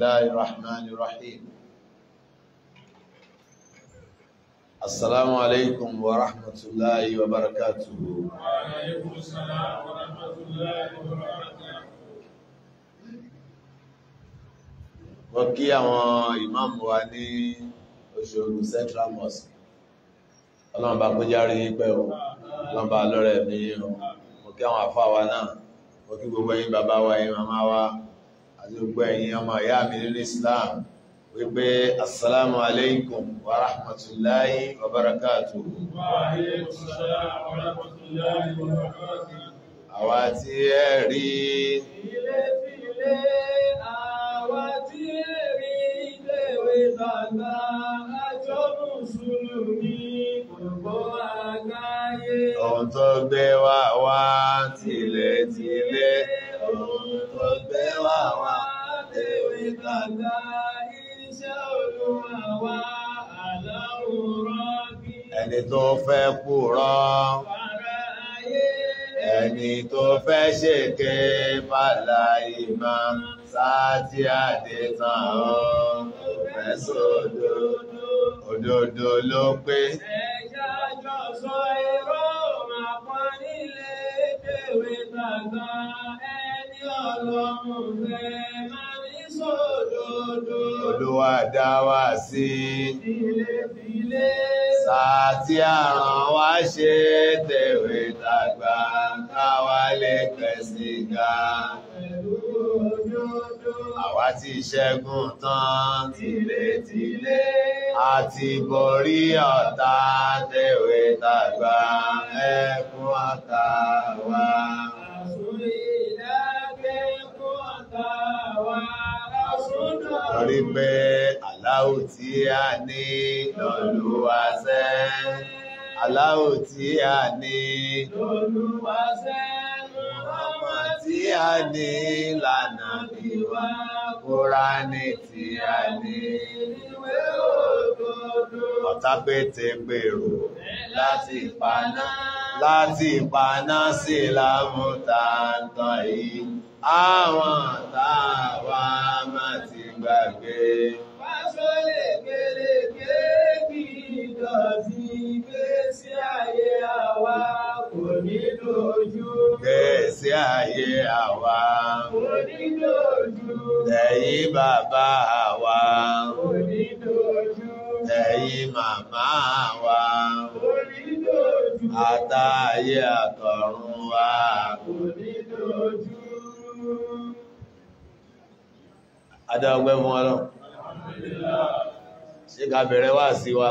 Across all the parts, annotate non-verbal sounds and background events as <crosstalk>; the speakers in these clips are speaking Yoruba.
الله الرحمن الرحيم السلام عليكم ورحمة الله وبركاته وعليكم السلام ورحمة الله وبركاته wọ́n kí àwọn imam wa ní Òṣogbo Central Mosque ọlọ́mọba kó járí pẹ́ o ọlọ́mọba lọ́rẹ̀ mi o mo kí àwọn àfáà wa náà mo kí gbogbo yín bàbá wa yín màmá wa àti gbogbo ẹ̀yin ọmọ ìyá mi nínú Islam wípé assalamu alaikum wa rahmatullahi wa barakatuh àwa tí ẹ rí ilé tí ilé àwa tí ẹ rí ilé ìwé bàbá àjọ mùsùlùmí gbogbo àgbáyé ohun tó gbé wá wá tilẹ̀ tilẹ̀ ohun tó gbé wá wá Ẹni tó fẹ́ purọ́. Ẹni tó fẹ́ ṣèké bàlá ìmọ̀ sáàtì àdétàn ọ́. Fẹ́ sódò, òdodo ló pé. Ẹja jọ sọ irọ́ màá pọ́n nílé ìbéèrè gbàgbọ́ ẹni ọlọ́run fẹ́ máa sódodo. Olúwa dá wa sí. Filefile. Sáà tí àràn wá ṣe tèwé tàgbà káwa lè pẹ̀sì ga. Àwa ti ṣẹ́gun tán. Tìletìle. A borí ọ̀tá tèwé tàgbà ẹkún ọ̀tá wa. Àsúrí ìdágbé kún ọ̀tá wa torí pé aláwò tí a ní lọ́lúwàṣẹ́ aláwò tí a ní lọ́lúwàṣẹ́ ọmọ tí a ní ìlànà bí wá Kúránì tí a ní ìwé òdodo. Ọ̀tá pété gbèrò láti paná láti paná sí lámúta tán yìí. Àwọn táwa máa ti gbàgbé. Fásolè kéréké bí ìdọ̀tí ìgbésí ayé àwa kò ní dojú. Ìgbésí ayé àwa kò ní dojú. Ẹ̀yin bàbá àwa kò ní dojú. Ẹ̀yin màmá wa. Àtàyé àtọ̀run wa. Adá ọgbẹ́ fún wa lọ. Ṣé ká bẹ̀rẹ̀ wá sí wa?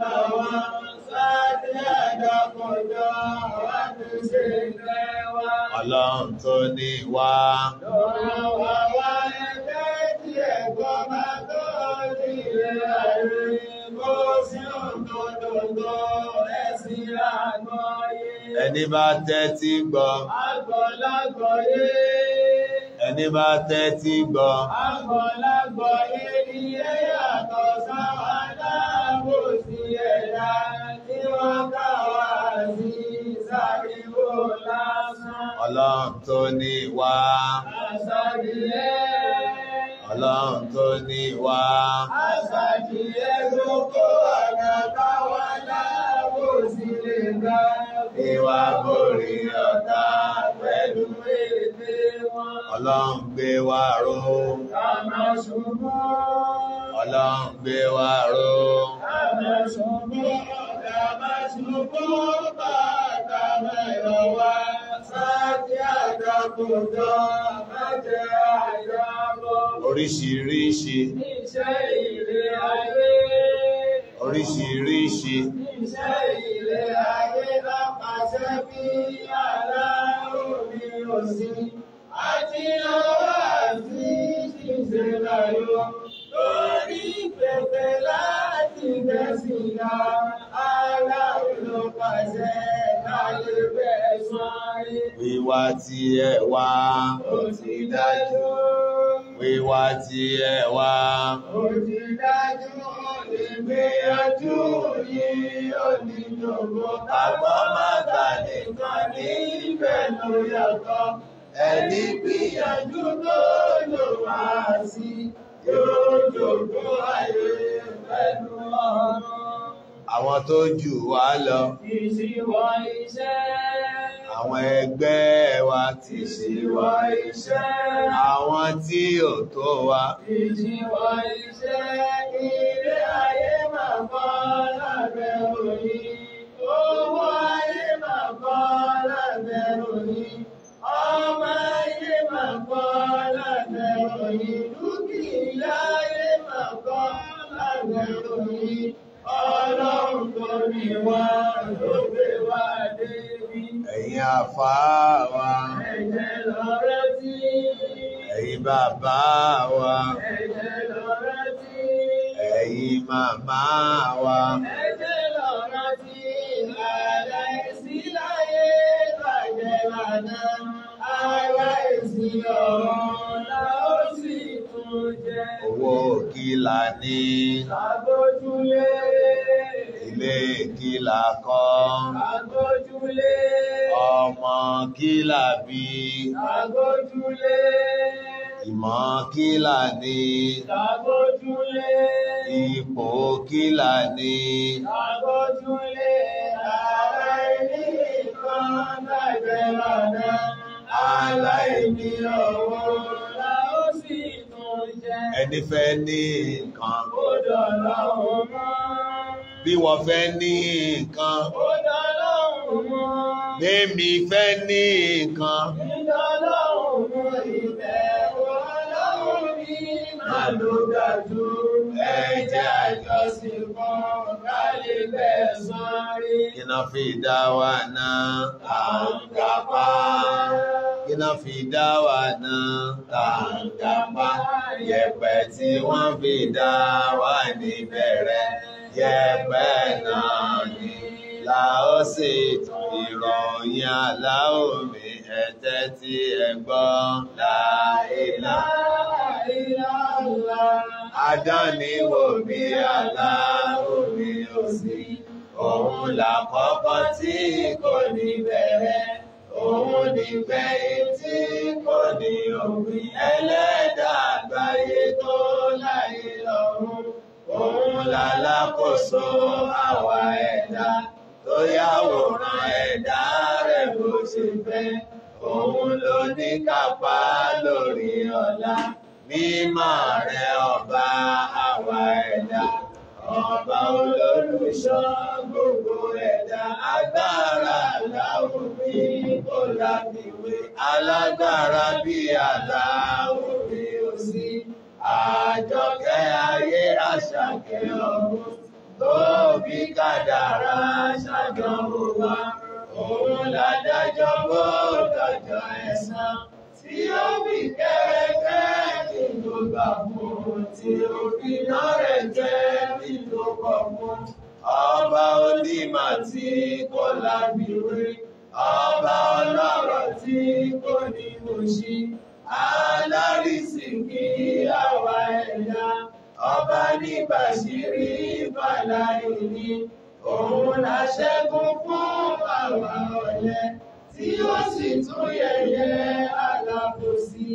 بوى sátẹ́ẹ̀dá kọjọ́ àwádìíṣe ilẹ̀ wa. Ọlọ́run tó ní wá. Lọ́rọ̀ wà wá ẹgbẹ́ tí ẹ̀kọ́ máa tó ní ilẹ̀ àìrí kó sí òǹdòdòdò ẹ̀sìn àgbọ̀yé. Ẹni bá tẹ́tí gbọ́. Àgbọ̀lágbọ̀yé. Ẹni bá tẹ́tí gbọ́. Àgbọ̀lágbọ̀yé ni ẹ yàtọ̀ sáwọn aláàbòsí. Ọlọ́run tó ní wá. Ọlọ́run tó ní wá. Àṣàkìlẹ̀ gbogbo ọ̀nà táwọn sí lè gbá. Ìwà borí ọ̀tá. Ọlọ́run gbé wa ró. Ọlọ́run gbé wa ró. Oríṣiríṣi. Iṣẹ́ ilé ayé. Oríṣiríṣi. Iṣẹ́ ilé ayé lápasẹ́ bí aláàrùn mi ò sí àti ọwọ́ àti ṣíṣe láyọ̀ lórí pẹ̀pẹ̀ láti gbẹ̀sìn ga aláwùjọ pàṣẹ kálẹ̀ bẹ́ẹ̀ sọ́rí. wíwá tí ẹ wá ó ti dájú. wíwá tí ẹ wá ó ti dájú ìgbéyànjú yìí ó ní máa gbà nìkan ní ìbẹ̀lú yàtọ̀ ẹni gbìyànjú tó lò wá sí yóò jogún ayé pẹ̀lú ọ̀run. Àwọn tó jù wá lọ. Ìṣíwọ́ iṣẹ́. Àwọn ẹgbẹ́ wa. Ìṣíwọ́ iṣẹ́. Àwọn tí ò tó wa. Ìṣíwọ́ iṣẹ́. mi ọlọ́run tó mi wá tó gbé wá débi. ẹ̀yin àfá wa. ẹ̀jẹ̀ lọ rántí. ẹ̀yin bàbá wa. ẹ̀yin màmá wa. ẹ̀jẹ̀ lọ rántí. aláìsí láyé bàjẹ́ bàdá. aláìsí ọ̀run la ó sì tún jẹ. owó kí la ní. sábò. Ilé kí la kọ́? Agójúlé. Ọmọ kí la bí? Agójúlé. Ìmọ̀ kí ni. ní? Agójúlé. Ipò kí la ní? Agójúlé. Ààrẹ ní ìkan bàjẹ́ lọ́dọ̀ aláìní ọwọ́ ẹni fẹ́ ní nǹkan bí wọ́n fẹ́ ní nǹkan bẹ́ẹ̀mí fẹ́ ní nǹkan Ìjọ́lọ́run ìfẹ́ wọ́n lọ́run ní màlúgàdùn. Gina fi dawana an gaba. Kina fi dawana an gaba. Yẹ̀pẹ̀ tí wọ́n fi dá wa ní bẹ̀rẹ̀. Yẹ̀pẹ̀ náà ni láó sì tún ìròyìn aláòmí ẹ̀tẹ́ tí ẹ gbọ́ láìlá. Adán ni wò bí aláòmí òsì òun làkọ́kọ́ tí kò ní bẹ̀rẹ̀ òun nìgbẹ̀yìn tí kò ní òpin ẹlẹ́dàá àgbáyé tó láyé lọ́run òun làlákòóso àwa ẹ̀dá tó yàwòrán ẹ̀dá rẹ̀ bó ṣe fẹ́ òun ló ní kápá lórí ọ̀la mímọ́ rẹ̀ ọba àwa ẹ̀dá ọba olólùṣọ́ gbogbo ẹ̀dá agbára láwọn bí kò láfiwé alágbára bí aláwọ̀ bí ó sí àjọkẹ́ ayé àṣàkẹ́ ọ̀run tó bí kádàrá ṣàjọwò wa òun ládájọ́ bó dájọ́ ẹ̀san tí ó fi kẹ́rẹ́kẹ́ kí ló gbà fún un tí ó náà rẹ̀ jẹ́ ọba onímọ̀ tí kò láfiwé ọba ọlọ́rọ̀ tí kò ní òṣì alárìsìkì àwa ẹ̀dá ọba nígbàṣírí ìbàlá ìní òun la ṣẹ́gun fún àwa ọ̀lẹ tí ó sì tún yẹ̀yẹ́ alábòsí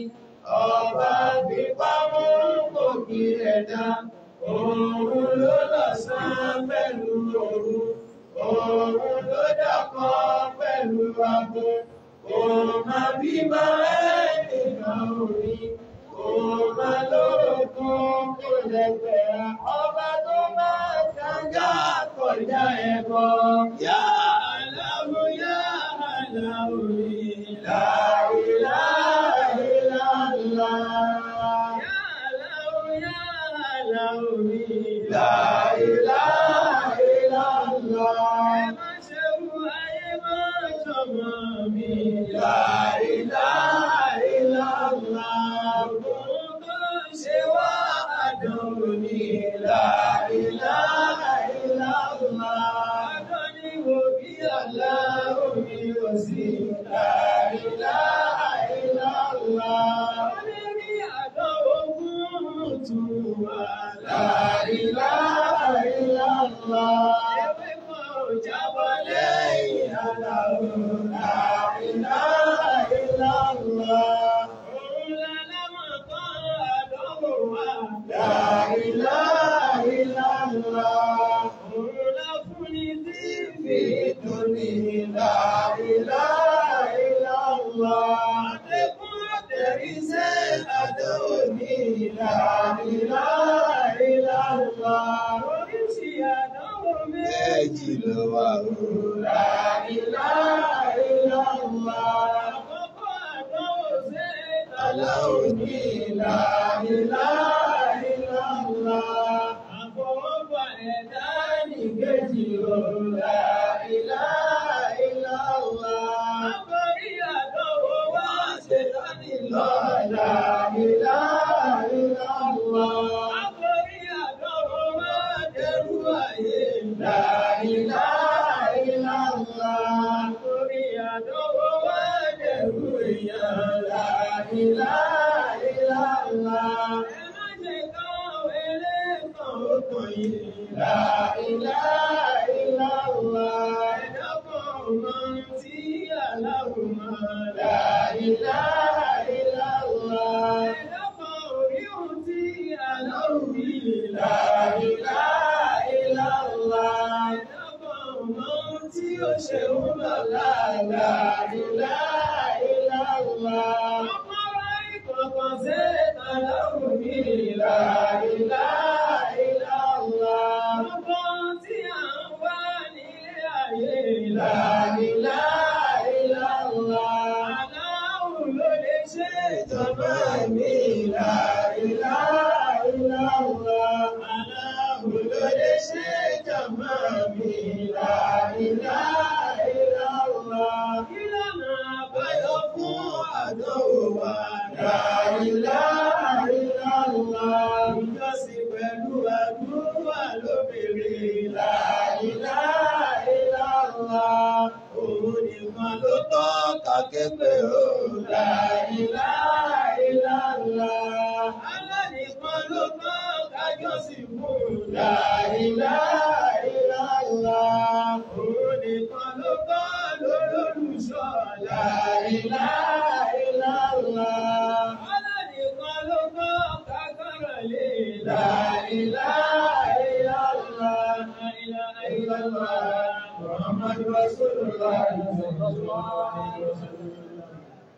ọba gbígbámú kò kí ẹ̀dá. Òun ló lọ́sàn pẹ̀lú òru, òun ló dàkọ́ pẹ̀lú ago, òun máa bí máa ènìyàn orí, òun máa lórúkún kò lẹ́gbẹ̀ẹ́, ọba tó máa kájá kọjá ẹ̀kọ́. Yá àlàmú yá àlàmú rí. Yeah.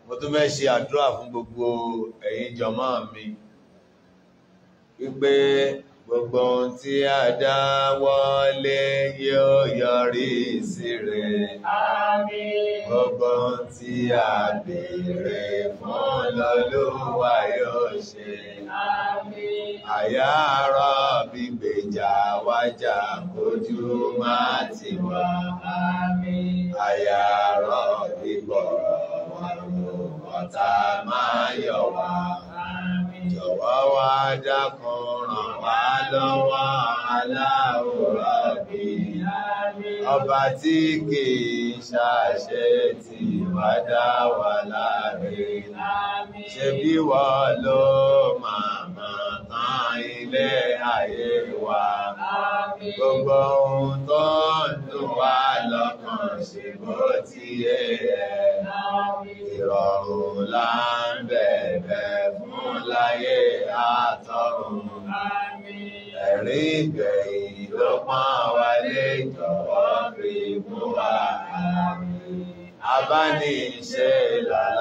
mo tún fẹ́ ṣe àdúrà fún gbogbo ẹ̀yin jọmọ́ mi wípé gbogbo ohun tí a dá wọlé yóò yọrí sí rere. Àmín. Gbogbo ohun tí a béèrè fún l'Olúwa yóò ṣe. Àmín. Àyà àárọ̀ gbígbèjà wájà ojú máa ti wà. Àmín. Àyà àárọ̀ gbígbọ̀rọ̀ ọ̀tá máa yọ̀ wá. Jọ̀wọ́ wá dákun ràn wá lọ́wọ́ aláwòrán bí. Ọba tí kì í ṣàṣẹ tí wá dá wa láre. Ṣebí wọ́n ló màmá mọ́ ilé ayé wa. Gbogbo ohun tó ń dùn wá lọ́kàn ṣe bó ti yé ẹ. Ìrọ̀rùn là ń bẹ̀bẹ̀ fún láyé àtọ̀run. Ẹ̀rí ìgbẹ̀yìn ló pọ́n wálé jọ̀wọ́ fi mú wa. Abániṣe làlá.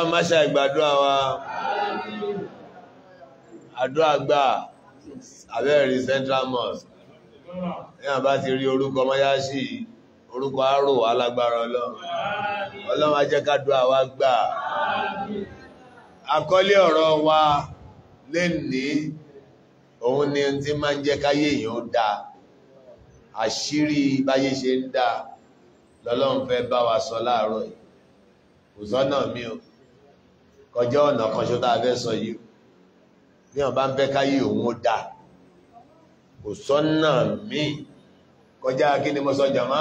ọlọ́run má ṣe àgbàdúrà wa àdúrà gbà abẹ́rẹ́ central mosque ní àbá ti rí orúkọ mọ́yáṣì orúkọ àrò alágbára ọlọ́run ọlọ́run á jẹ́ kádùá wa gbà àkọlé ọ̀rọ̀ wa lè ní òun ni tí máa ń jẹ́ káyé èèyàn ó àṣírí báyé ṣe ń dáa lọ́lọ́run fẹ́ bá wa sọ láàárọ̀ yìí kò mi o ọjọ́ ọ̀nà kan ṣo tá a fẹ́ sọ yìí bí wọ́n bá ń fẹ́ káyé òun ó dà kò sọ́nà míì kọjá kí ni mo sọ jàmá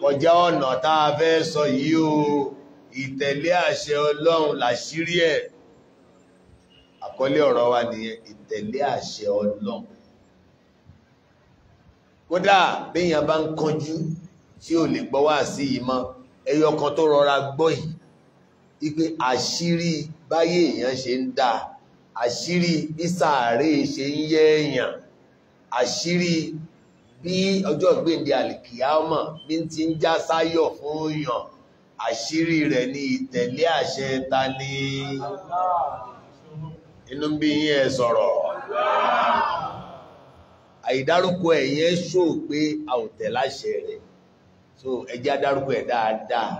kọjá ọ̀nà tá a fẹ́ sọ yìí o ìtẹ̀lé àṣẹ ọlọ́run làṣírí ẹ̀ àkọlé ọ̀rọ̀ wa nìyẹn ìtẹ̀lé àṣẹ ọlọ́run kódà béèyàn bá ń kánjú tí ò lè gbọ́ wá sí ìmọ̀ ẹyọ kan tó rọra gbọ́ ipe àṣírí báyé èèyàn ṣe ń dá àṣírí bí sàárè ṣe ń yẹ èèyàn àṣírí bí ọjọ́ ìgbéǹde àlìkìyámọ̀ bí ti ń já sáyọ̀ fún èèyàn àṣírí rẹ̀ ni ìtẹ̀lé àṣẹ ta ni inú bí yín ẹ sọ̀rọ̀ àìdárúkọ ẹ̀yẹn ṣó pé a ò tẹ̀ láṣẹ rẹ̀ so ẹjẹ́ adárúkọ ẹ̀ dáadáa.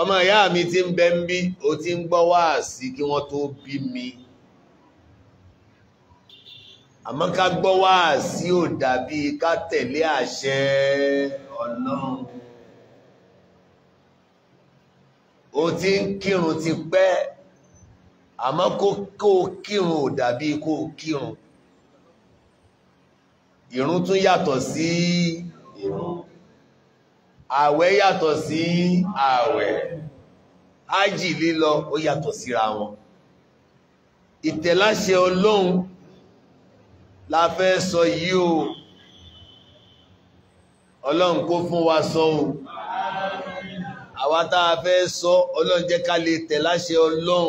ọmọ ìyá mi ti ń bẹ ń bí o ti ń gbọ́ wá sí kí wọ́n tó bí mi àmọ́ ká gbọ́ wá sí ò dàbí ká tẹ̀lé àṣẹ ọlọ́run o ti ń kírun ti pẹ́ àmọ́ kó kó kírun ò dàbí kó kírun ìrun tún yàtọ̀ sí ìrun àwẹ̀ yàtọ̀ sí àwẹ̀ ájì lílọ ó yàtọ̀ síra wọn ìtẹ̀láṣẹ Ọlọ́run la fẹ́ sọ yìí o Ọlọ́run kó fún wa sọ o àwa tá a fẹ́ sọ Ọlọ́run jẹ́ ká lè tẹ̀láṣẹ Ọlọ́run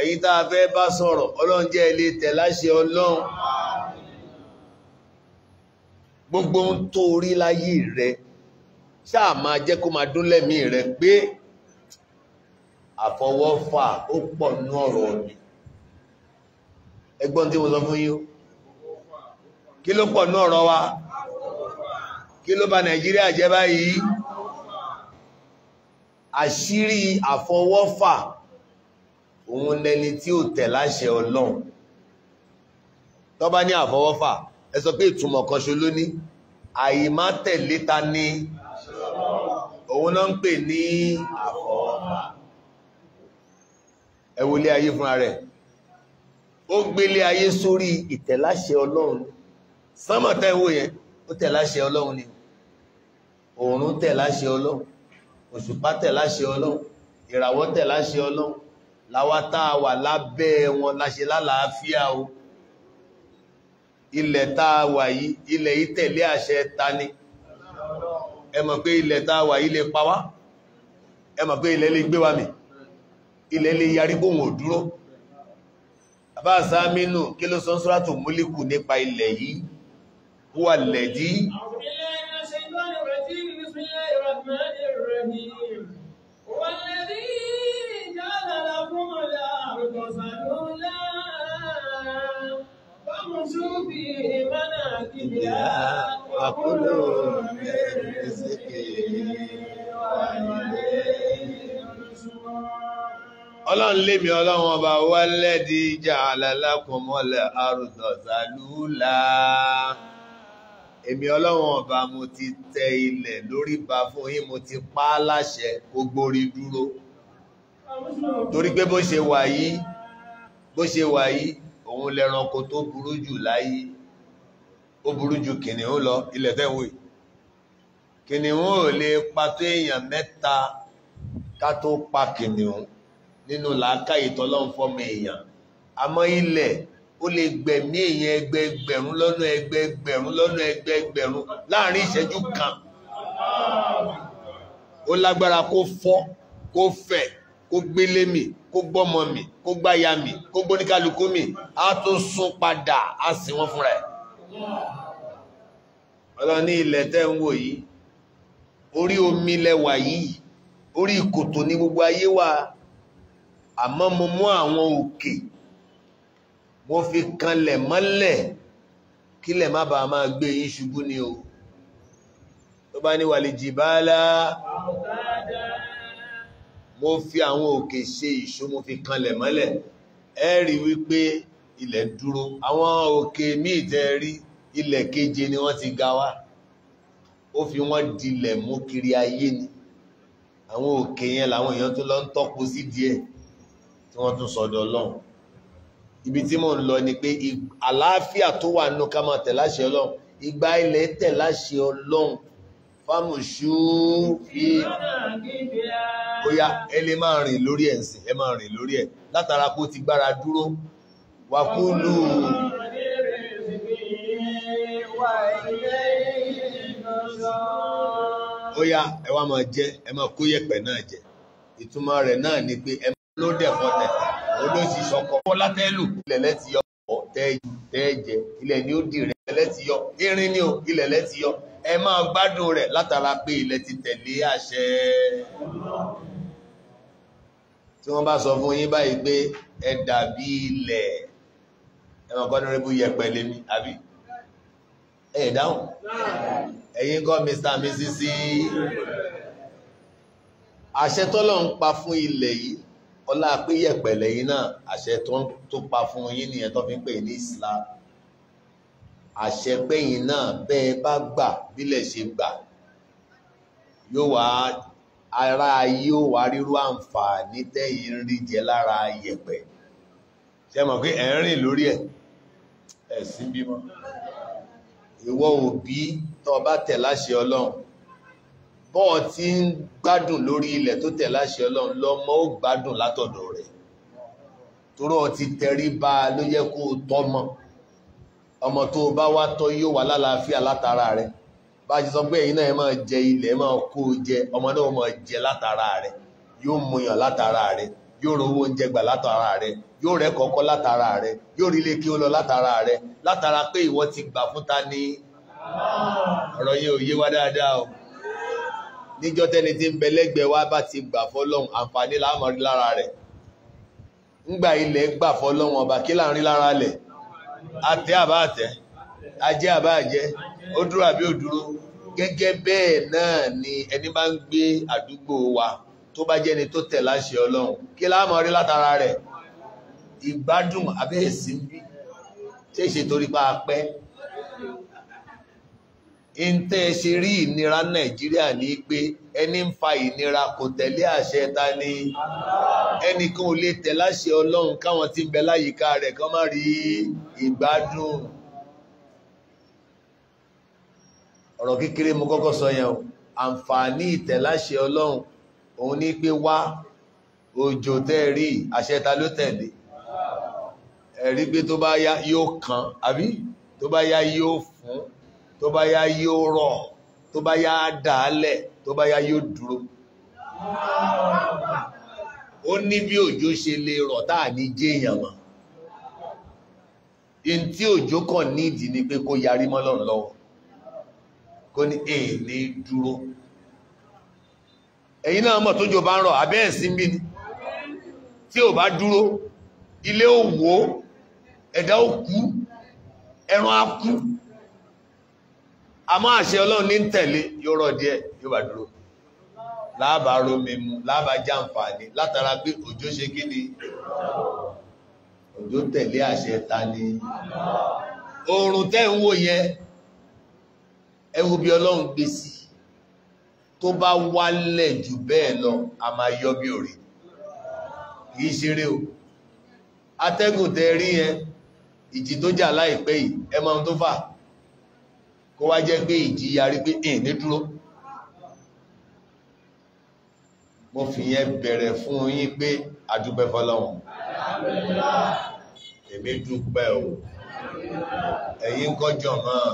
èyí tá fẹ́ bá sọ̀rọ̀ Ọlọ́run jẹ́ lè tẹ̀láṣẹ Ọlọ́run gbogbo ohun tó rí láyé rẹ̀ ṣáà máa jẹ́ kó máa dún lẹ́mí rẹ̀ pé àfọwọ́fà ó pọ̀ nú ọ̀rọ̀ mi ẹgbọ́n tí mo sọ fún yín kí ló pọ̀ nú ọ̀rọ̀ wa kí ló bà Nàìjíríà jẹ́ báyìí àṣírí àfọwọ́fà òun lẹni tí ò tẹ̀ láṣẹ Ọlọ́run tó ní àfọwọ́fà ẹ sọ pé ìtumọ̀ kan ṣo lóní àyè má tẹ̀lé ta ni òun náà ń pè ní àfọwọ́fà ẹ wo ilé ayé fúnra rẹ̀ ó gbélé ayé sórí ìtẹ̀láṣẹ ọlọ́run sánmọ̀tá ìwò yẹn ó tẹ̀láṣẹ ọlọ́run ni òòrùn tẹ̀láṣẹ ọlọ́run òṣùpá tẹ̀láṣẹ ọlọ́run ìràwọ̀ tẹ̀láṣẹ ọlọ́run láwa wà lábẹ́ wọn láṣẹ lálàáfíà o ilẹ̀ tá a wà yìí ilẹ̀ yìí tẹ̀lé àṣẹ ta ni ẹ mọ̀ pé ilẹ̀ tá a wà ilẹ̀ pa wá ẹ mọ̀ pé ilẹ̀ lè gbé wa mì ilẹ̀ lè yarí bóhùn ò dúró bàbá kí ló sọ́n sọ́ràtò múlíkù nípa ilẹ̀ yìí wà lẹ̀dí Yeah. وكلوا من رزقه ọlọ́run lé mi ọlọ́run ọba wálẹ́dí ja'ala lakumul arda zalula èmi ọlọ́run ọba mo ti tẹ ilẹ̀ lórí ba fún yín mo ti pa á láṣẹ kó gbórí dúró torí pé bó ṣe wà yìí bó ṣe wà yìí òun lẹranko tó burú jù láyé ó burú ju kìnìún lọ ilẹ̀ tẹ́wò kìnìún ò lè pa tó èèyàn mẹ́ta ká tó pa kìnìún nínú làákà ìtọ́lọ́n fọ́mọ èèyàn àmọ́ ilẹ̀ ó lè gbẹ̀mí èèyàn ẹgbẹgbẹ̀rún lọ́nà ẹgbẹgbẹ̀rún lọ́nà ẹgbẹgbẹ̀rún láàrin ìṣẹ́jú kan ó lágbára kó fọ́ kó fẹ̀ kó gbélé mi kó gbọ́mọ mi kó gbáya mi kó gbóníkálukú mi á tún sún padà á sìn wọ́n fúnra ẹ̀ ọlọ́ni ilẹ̀ tẹ́ ń wò yìí orí omi lẹwà yìí orí ìkòtò ní gbogbo ayé wa àmọ́ mo mú àwọn òkè mo fi kanlẹ̀ mọ́lẹ̀ kílẹ̀ má bàa máa gbé yín ṣubú ni o tó bá ní wàlè jìbálá mo fi àwọn òkè ṣe ìṣó mo fi kanlẹ̀ mọ́lẹ̀ ẹ wípé ilẹ̀ dúró àwọn òkè míì tẹ́ rí ilẹ̀ keje ni wọ́n ti ga wá ó fi wọ́n dilẹ̀ mú kiri ayé ni àwọn òkè yẹn làwọn èèyàn tó lọ ń tọ́kù sí díẹ̀ tí wọ́n tún sọ̀dọ̀ Ọlọ́run ibi tí mò ń lọ ni pé àlàáfíà tó wà nù ká máa tẹ̀ láṣẹ Ọlọ́run ìgbà ilẹ̀ tẹ̀ láṣẹ Ọlọ́run fámùsù fi bóyá ẹ lè máa rìn lórí ẹ̀ ń ẹ máa rìn lórí ẹ̀ látara kó ti gbára dúró wàkúlù ó yá ẹ wá máa jẹ ẹ máa kó yẹ̀pẹ̀ náà jẹ ìtumọ̀ rẹ̀ náà ni pé ẹ ló dẹ̀fọ́ tẹ̀tà olóòsì sọkọ bọ́lá tẹ́lù ilẹ̀ lẹ́ti yọ ọ̀ tẹ́ẹ̀jẹ ilẹ̀ ni ó dì rẹ̀ lẹ́ti yọ irin ni ó ilẹ̀ lẹ́ti yọ ẹ máa gbádùn rẹ̀ látara pé ilẹ̀ ti tẹ̀lé àṣẹ tí wọ́n bá sọ fún yín báyìí pé ẹ dàbí ilẹ̀ ẹ̀wọ̀n kan nírẹ́bù yẹpẹ̀ lémi àbí ẹ̀yẹ̀ dáhùn ẹ̀yin kọ́ mr and mrs àṣẹ tọ́lọ̀ ń pa fún ilẹ̀ yìí ọlá pé yẹpẹ̀ lẹ́yìn náà àṣẹ tó pa fún yín nìyẹn tó fi ń pè ní Islam àṣẹ pẹ́yìn náà bẹ́ẹ̀ bá gbà bílẹ̀ ṣe gbà yóò wá ara ayé ó wá rírú àǹfààní tẹ́yìn rí jẹ lára yẹpẹ̀ ṣe mọ̀ pé ẹ̀ ń rìn lórí ẹ̀ ẹ̀sìn bímọ ìwọ òbí tó bá tẹ̀ láṣẹ ọlọ́run bọ́ọ̀ tí ń gbádùn lórí ilẹ̀ tó tẹ̀ láṣẹ ọlọ́run lọ́mọ ó gbádùn látọ̀dọ̀ rẹ̀ torí ti tẹrí ba ló yẹ kó o tọ́mọ ọmọ tó o bá wá tọ́ yóò wà lálàáfíà látara rẹ̀ bá a ti sọ pé ẹ̀yin náà ẹ máa jẹ ilẹ̀ ẹ máa kó o jẹ ọmọ náà máa jẹ látara rẹ̀ yóò mú látara rẹ̀ yóò rówó oúnjẹ gbà látara rẹ yóò rẹ kọ̀ọ̀kan látara rẹ yóò rí ilé kí ó lọ látara rẹ látara pé ìwọ ti gbà fún ta ní ọ̀rọ̀ yẹn ò yé wa dáadáa o níjọ́ tẹ́ni tí ń bẹ lẹ́gbẹ̀ẹ́ wa bá ti gbà fọ́lọ́hun àǹfààní la máa rí lára rẹ̀ ńgbà ilẹ̀ gbà fọ́lọ́hun ọba kí là ń rí lára lẹ̀ àtẹ àbá àtẹ ajẹ́ àbá àjẹ́ ó dúró àbí ó dúró gẹ́gẹ́ bẹ́ẹ̀ náà ni ẹni bá ń gbé àdúgbò wa tó bá jẹ́ni tó tẹ̀ láṣẹ ọlọ́run kí la máa rí látara rẹ̀ ìgbádùn abẹ́ẹ̀sí bí tí èṣe torí pa apẹ́ ìntẹ́ ṣe rí ìnira nàìjíríà ní pé ẹni ń fa ìnira kò tẹ̀lé àṣẹ ta ni ẹnìkan ò lè tẹ̀ láṣẹ ọlọ́run káwọn tí ń bẹ láyìíká rẹ̀ kán má rí ìgbádùn ọ̀rọ̀ kékeré mo kọ́kọ́ sọ yẹn o àǹfààní ìtẹ̀láṣẹ ọlọ́run òun ní pé wá òjò tẹ́ rí àṣẹ ta ló tẹ̀lé ẹ̀rí pé tó bá yá yóò kàn àbí tó bá yá yóò fún tó bá yá yóò rọ̀ tó bá yá dàálẹ̀ tó bá yá yóò dúró ó ní bí òjò ṣe lè rọ̀ táà ní jéèyàn mọ́ in tí òjò kàn nídìí ni pé kó yarí mọ́ lọ́rùn lọ́wọ́ kó ní èèlé dúró ẹ̀yin náà mọ̀ tójò bá ń rọ̀ abẹ́ ẹ̀sìn bí ni tí ò bá dúró ilé ò wó ẹ̀dá ò kú ẹran á kú àmọ́ àṣẹ ọlọ́run ní tẹ̀lé yóò díẹ̀ yóò bá dúró láàbà romi mu láàbà jàǹfààní látara pé òjò ṣe kí ni òjò tẹ̀lé àṣẹ ta ni oòrùn tẹ́ ń wò yẹn ẹ wo bí ọlọ́run gbé sí tó bá wálẹ̀ jù bẹ́ẹ̀ lọ a máa yọ bí òrì kìí ṣeré o atẹ́gùn tẹ rí yẹn ìjì tó jà láìpẹ́ yìí ẹ mọ̀ tó fà kó wá jẹ́ pé ìjì yarí pé ẹ̀ ní dúró mo fi yẹn bẹ̀rẹ̀ fún yín pé àdúpẹ́ fọ́lọ́run èmi dúpẹ́ o ẹ̀yin kọjọ̀ náà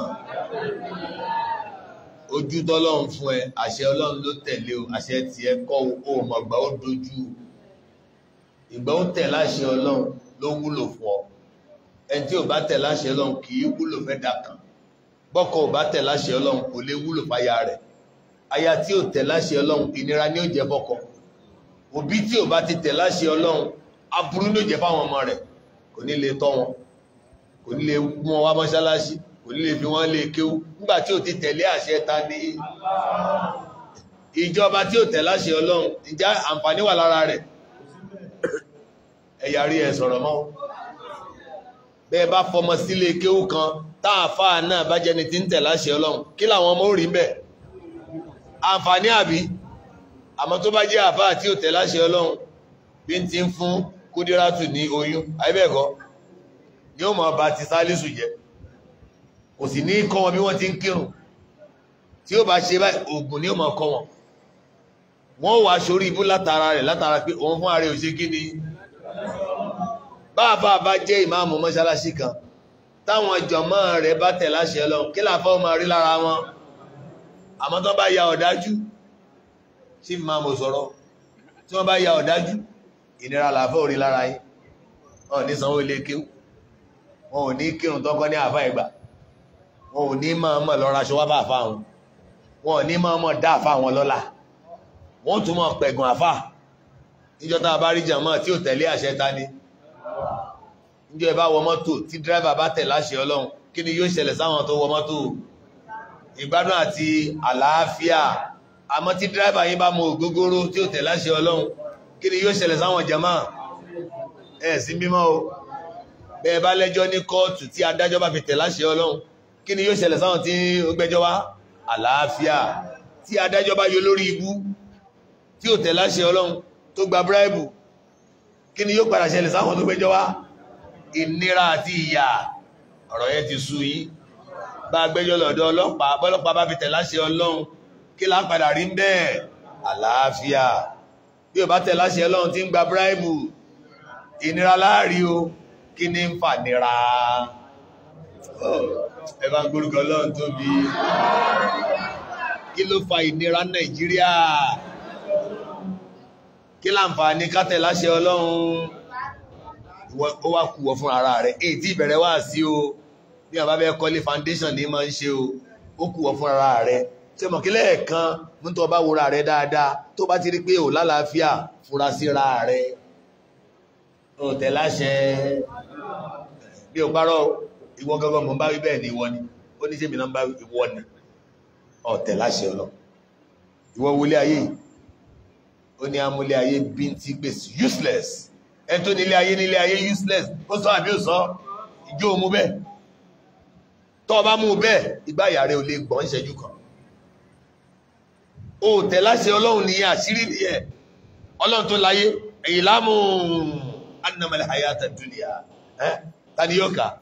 ojú tọ́lọ́run fún ẹ àṣẹ ọlọ́run ló tẹ̀lé o àṣẹ tí ẹ kọ́ o mọ̀gbà ó dojú o ìgbà ó tẹ̀ láṣẹ ọlọ́run ló wúlò fún ọ ẹni tí ò bá tẹ̀ láṣẹ ọlọ́run kì í wúlò fẹ́ dà bọ́kọ ò bá tẹ̀ láṣẹ ọlọ́run kò lè wúlò fáya rẹ̀ aya tí ò tẹ̀ láṣẹ ọlọ́run ìnira ni ó jẹ́ bọ́kọ òbí tí ò bá ti tẹ̀ láṣẹ ọlọ́run aburú ló jẹ́ fáwọn ọmọ rẹ̀ kò ní lè tọ́ wọn kò ní lè mú wọn wá mọ́ṣáláṣí kò ní lè fi wọ́n lè kéwú nígbà tí ò ti tẹ̀lé àṣẹ ta ní ìjọba tí ò tẹ̀lé àṣẹ ọlọ́run ìjà àǹfààní wà lára rẹ̀ ẹ̀yà rí ẹ sọ̀rọ̀ mọ́ bẹ́ẹ̀ bá fọmọ sílé kéwú kan táàfà náà bá jẹni tí ń tẹ̀lé àṣẹ ọlọ́run kí làwọn ọmọ ò rí bẹ́ẹ̀ àǹfààní àbí àmọ́ tó bá jẹ́ àfà tí ò tẹ̀lé àṣẹ ọlọ́run bí ń ti ń fún Kúdírátù ní oyún àìbẹ́ẹ̀kọ́ ni ó mọ̀ bá ti Sálísù jẹ́ kò sì ní kọ́ wọn bí wọ́n ti ń kírun tí ó bá ṣe báyìí oògùn ni ó máa kọ́ wọn wọ́n wàá sórí ibú látara rẹ̀ látara pé òun fún ààrẹ òṣè kí ni bàbá bá jẹ́ ìmáàmù mọ́ṣáláṣí kan táwọn jọmọ́ rẹ̀ bá tẹ̀ láṣẹ Ọlọ́run kí làá fọ́ máa rí lára wọn àmọ́ tí wọ́n bá ya ọ̀dájú sí fi máa sọ̀rọ̀ tí wọ́n bá ya ọ̀dájú ìnira làá fọ́ rí lára yín wọn ò ní sanwó ilé kéwù wọn ò ní kírun tọ́kọ́ ní àáfà ìgbà wọn ò ní máa mọ̀ lọ́ra ṣọwọ́ bá fáwọn wọn ò ní máa mọ̀ dá fáwọn lọ́la wọn tún mọ̀ pẹ̀gùn àfà níjọ́ tá a bá rí jàmọ́ tí ò tẹ̀lé àṣẹ ta ni níjọ́ ẹ bá wọ mọ́tò tí dírẹ́fà bá tẹ̀ láṣẹ ọlọ́run kí ni yóò ṣẹlẹ̀ sáwọn tó wọ mọ́tò ìgbádùn àti àlàáfíà àmọ́ tí dírẹ́fà yín bá mọ ògógóró tí ò tẹ̀ láṣẹ ọlọ́run kí ni yóò ṣẹlẹ̀ sáwọn jàmọ́ ẹ̀ sí mímọ́ o bẹ́ẹ̀ bá lẹ́jọ́ ní kóòtù tí adájọ́ bá fi tẹ̀ láṣẹ ọlọ́run kí ni yóò ṣẹlẹ̀ sáwọn tí ó gbẹ́jọ́ wá àlàáfíà tí adájọ́ bá yọ lórí ibú tí ò tẹ̀ láṣẹ ọlọ́run tó gba bíráìbù kí ni yóò padà ṣẹlẹ̀ sáwọn tó gbẹ́jọ́ wá ìnira àti ìyà ọ̀rọ̀ yẹn ti sú yín bá gbẹ́jọ́ lọ́dọ̀ ọlọ́pàá bọ́lọ́pàá bá fi tẹ̀ láṣẹ ọlọ́run kí là ń padà rí bẹ́ẹ̀ àlàáfíà bí ò bá tẹ̀ láṣẹ ọlọ́run tí ń gba bíráìbù ìnira láàrí o kí ni ń fà nira. Oh ẹ bá ń gbórúkọ Ọlọ́run tóbi kí ló fa ìnira Nàìjíríà kí láǹfààní kátẹ̀ láṣẹ Ọlọ́run ó wá kú wọ fún ara rẹ̀ ìbẹ̀rẹ̀ wá sí o bí a bá kọ́lé foundation ní máa ń ṣe o ó kú wọ fún ara rẹ̀ ṣe mọ̀ kí lẹ́ẹ̀kan mú tó bá wúra rẹ̀ dáadáa tó bá ti rí pé ò lálàáfíà fura síra rẹ̀ ò tẹ̀ láṣẹ bí ò parọ́ ìwọ gangan mọ̀ ń bá wí bẹ́ẹ̀ ni ìwọ ni ó ní sẹ́mi náà ń bá wí ìwọ ni ọ̀tẹ̀ láṣẹ ọlọ ìwọ wọlé ayé ó ní amúlé ayé bíntí gbèsè useless ẹ tó nílé ayé nílé ayé useless ó sọ àbí ó sọ ìjó mu bẹ́ẹ̀ tọ́ ọ bá mú bẹ́ẹ̀ ìgbà ìyá rẹ ò lè gbọ́n ìṣẹ́jú kan ó tẹ̀ láṣẹ ọlọ́run nìyẹn àṣírí nìyẹn ọlọ́run tó láyé èyí lámù annamal hayata dunya ẹ́ tani yóò kà á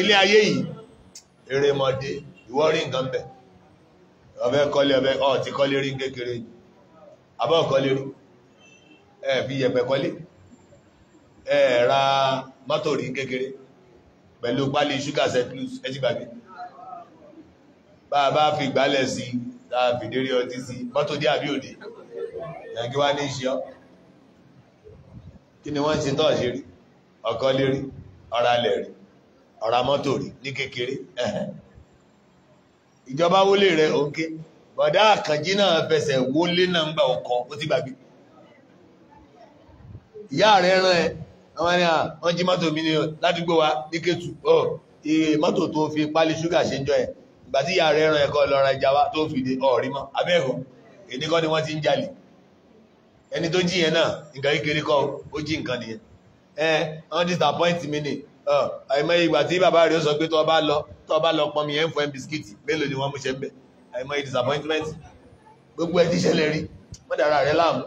ilé ayé yìí erémọdé ìwọ rí nǹkan bẹ̀ ọbẹ̀ kọ́lé ọbẹ̀ ọ̀ ti kọ́lé rí kékeré àbọ̀ kọ́lé rí ẹ̀ fi yẹ̀pẹ̀ kọ́lé ẹ̀ ra mọ́tò rí kékeré pẹ̀lú pálí ṣúgà setlus ẹ ti gbàgbé bá a bá fi gbálẹ̀ sí tá a fi dérí ọtí sí mọ́tò dé àbí òde ẹ̀kí wá ní ṣe ọ́ kí ni wọ́n ń ṣe tọ́ọ̀ ṣe rí ọkọ lérí ọ̀rá lẹ̀ rí ọ̀rá mọ́tò rí ní kékeré ìjọba wọlé rẹ̀ òǹkẹ́ bọ̀dá àkànjí náà fẹsẹ̀ wọlé náà ń gbà ọkọ̀ ó ti gbàgbé ìyá rẹ̀ rán ẹ àwọn ẹni àwọn jí mọ́tò mi ní ládùúgbò wa ní kẹtù ọ mọ́tò tó fi pálí ṣúgà ṣe ń jọ ẹ ìgbà tí ìyá rẹ̀ rán ẹ̀kọ́ lọ́ra ìjà wa tó fi dé ọ̀rí mọ́ abẹ́ẹ̀kọ́ èdè kọ́ ni wọ́n ti ń jalè ẹni tó jí yẹn náà nǹkan kékeré kọ́ ó jí nǹkan nìyẹn ẹ wọ́n disappoint mi ni àìmọye ìgbà tí bàbá rẹ̀ sọ pé tó bá lọ tó bá lọ pọnmi ẹ̀ ń fún ẹ̀ bisikíìtì mélòó ni wọ́n mú ṣe ń bẹ̀ àìmọye disappointment gbogbo ẹ̀ ti ṣẹlẹ̀ rí wọ́n dára rẹ̀ láàmú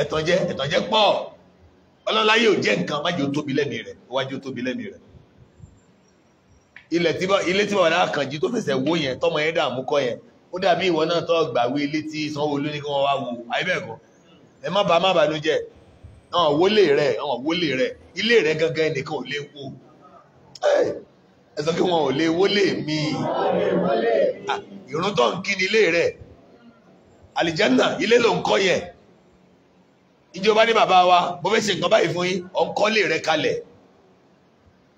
ẹ̀tànjẹ́ ẹ̀tànjẹ́ pọ̀ ọlọ́láyé ò jẹ́ nǹkan májò tóbi lẹ́mìí rẹ̀ wájú tóbi lẹ́mìí rẹ̀ ilẹ̀ tí ilé tí bàbá kànjí tó fẹsẹ̀ wó yẹn tọmọ yẹn dààmú kọ yẹn ó dàbí ìwọ náà tó gbàwé ilé tí Sanwó-Olú ní kí wọ́n wá wo àyíbẹ̀kọ́ ẹ má bà má bà ló jẹ́ àwọn wọlé rẹ àwọn wọlé rẹ ilé rẹ gangan ẹnìkan ò lè wò ẹ sọ pé wọn ò lè wọlé mi ìrún tó ń kí ni ilé rẹ àlìjánà ilé ló ń kọ́ yẹn ìjọba ní bàbá wa bó fẹ́ ṣe nǹkan báyìí fún yín ọ̀nkọ́lé rẹ kalẹ̀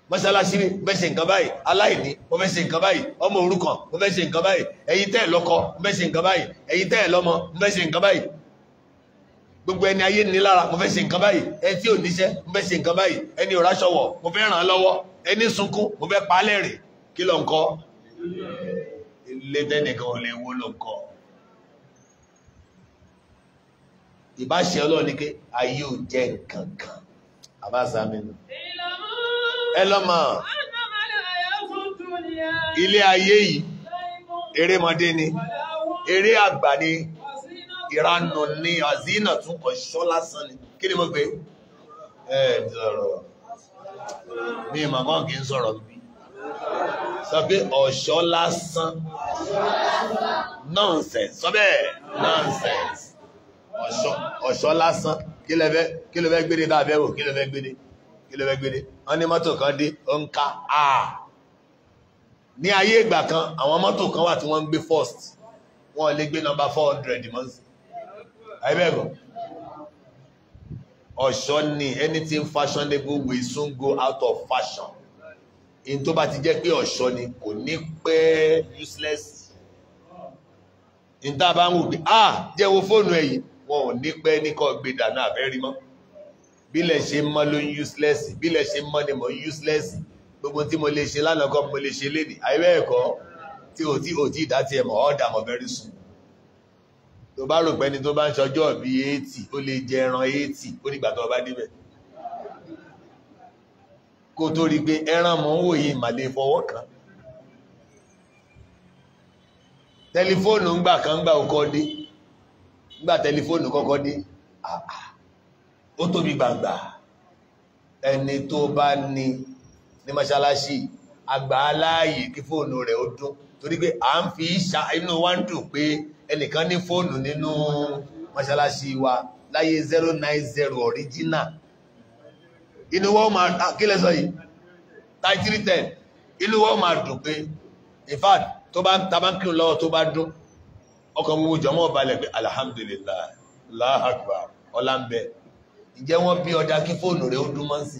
mọ́ṣáláṣí ni bó fẹ́ ṣe nǹkan báyìí aláìní bó fẹ́ ṣe nǹkan báyìí ọmọ òrukàn bó fẹ́ ṣe nǹkan báyìí ẹ̀yin tẹ́ ẹ̀ lọ́kọ bó fẹ́ ṣe nǹkan báyìí ẹ̀yin tẹ́ ẹ̀ lọ́mọ bó fẹ́ ṣe nǹkan báyìí gbogbo ẹni ayé ní lára mo fẹ́ ṣe nǹkan báyìí ẹni tí ò níṣẹ́ mo fẹ́ ṣe nǹkan báyìí ẹni ò ráṣọwọ̀ mo fẹ́ ràn án lọ́wọ́ ẹni sunkún mo fẹ́ pa á lẹ́rìn kí ló ń kọ́ ilé tẹ́nìkan ò lè wo ló ń kọ́ ìbáṣe ọlọ́ọ̀ni pé ayé ò jẹ́ nǹkan kan àbáṣámi nù ẹ lọ́mọ ilé ayé yìí erémọdé ni eré àgbà ni ìranù ní àzínà tún kọ̀ ṣọ́ lásán ni kí ni mo pé ẹ̀ẹ́dọ̀rọ̀ mi màmá kì í sọ̀rọ̀ bí sọ pé ọ̀ṣọ́ lásán nonsense sọ bẹ́ẹ̀ nonsense ọ̀ṣọ́ lásán kí ló fẹ́ gbére dáa bẹ́ẹ̀ wò kí ló fẹ́ gbére kí ló fẹ́ gbére wọ́n ní mọ́tò kan dé ó ń ká áà ní ayé ìgbà kan àwọn mọ́tò kan wà tí wọ́n ń gbé first wọ́n lè gbé number four hundred mọ́sí àìbẹ́ẹ̀kọ́ ọ̀ṣọ́ ni anything fashionable will soon go out of fashion in tó bá ti jẹ́ pé ọ̀ṣọ́ ni kò ní pẹ́ useless in tá a bá ń wò pé ah jẹ́ wo fóònù ẹ̀ yìí wọn ò ní pẹ́ ní kọ́ gbé dànù àbẹ́rí mọ́ bílẹ̀ ṣe mọ́ ló ń useless bílẹ̀ ṣe mọ́ ni mo ń useless gbogbo tí mo lè ṣe lánàá kọ́ mo lè ṣe lénìí àìbẹ́ẹ̀kọ́ tí o tí o tí ìdá tiẹ̀ mọ̀ ọ́ dà mọ̀ very soon tó bá rò pé ẹni tó bá ń ṣọjọ́ bí 80 ó lè jẹ ẹran 80 ó nígbà tó bá níbẹ̀ kó tó rí pé ẹran mọ̀ ń wò yìí mà lè fọwọ́ kàn tẹlifóònù ńgbà kan ńgbà ọkọ dé ńgbà tẹlifóònù kọ́kọ́ dé ó tóbi gbàgbà ẹni tó bá ní ní mọ́ṣáláṣí àgbà aláàyè kí fóònù rẹ̀ ó dún torí pé à ń fi inú wa ń dùn pé ẹnìkan ní fóònù nínú mọ́ṣáláṣí wa láyé 090 original inú wọ́n máa ah, kílẹ̀ sọ yìí 3310 inú wọ́n máa dùn pé in fact tó bá tàbá kí lọ́wọ́ tó bá dún ọkàn gbogbo jọmọ́ balẹ̀ pé alhamdulillah Allahu akbar ọlá ń bẹ ìjẹ́ wọ́n bí ọjà kí fóònù rẹ̀ ó dún mọ́ sí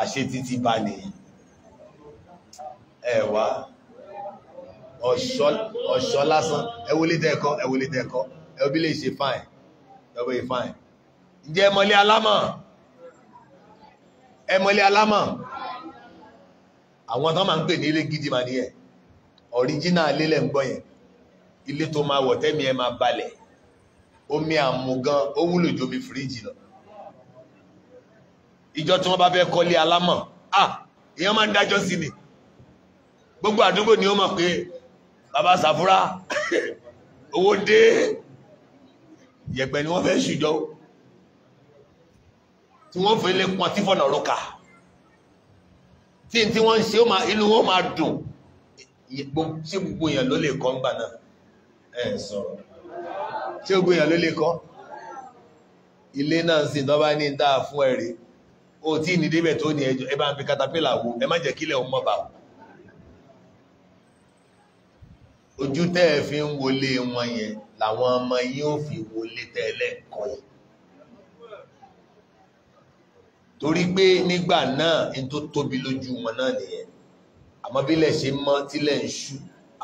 àṣetítí bá nìyí ẹ̀wàá ọ̀ṣọ́ lásán ẹwọlé tẹ́ẹ̀kọ́ ẹwọlé tẹ́ẹ̀kọ́ ẹwọbí lè ṣe fine ẹwọ yìí fine ǹjẹ́ ẹmọlé alámọ̀ ẹmọlé alámọ̀ àwọn tó máa ń pè ní ilé gidi mà nìyẹn ọ̀ríjínà lélẹ̀ ń gbọ́ yẹn ilé tó máa wọ̀ tẹ́mi ẹ máa balẹ̀ omi àmúgan ó wúlò ju omi fíríjì lọ ìjọ tí wọ́n bá fẹ́ kọ́lé alámọ̀ ah èèyàn máa ń dájọ́ sí ni gbogbo àdúgbò ni ó mọ̀ pé bàbá sàfúrà owó dé yẹ̀pẹ̀ ni wọ́n fẹ́ ṣùjọ́ tí wọ́n fẹ́ lè pọn tí fọ́nà ọ̀rọ̀ kà tí tí wọ́n ń ṣe inú wọn máa dùn ṣé gbogbo èèyàn ló lè kọ́ ńgbà náà ẹ sọ̀rọ̀ ṣé gbogbo èèyàn ló lè kọ́ ilé náà sì tọ́ bá ní dáa fún ẹ̀rí o tí ní débẹ̀ tó ní ẹjọ́ ẹ bá ń fi katapila wo ẹ má jẹ́ kílẹ̀ ọmọ bàbá ojú tẹ́ ẹ fi ń wọlé wọn yẹn làwọn ọmọ yín ò fi wọlé tẹ́lẹ̀ kọ́ yìí torí pé nígbà náà n tó tóbi lójú wọn náà nìyẹn àmọ́ bílẹ̀ ṣe mọ́ tílẹ̀ ń ṣú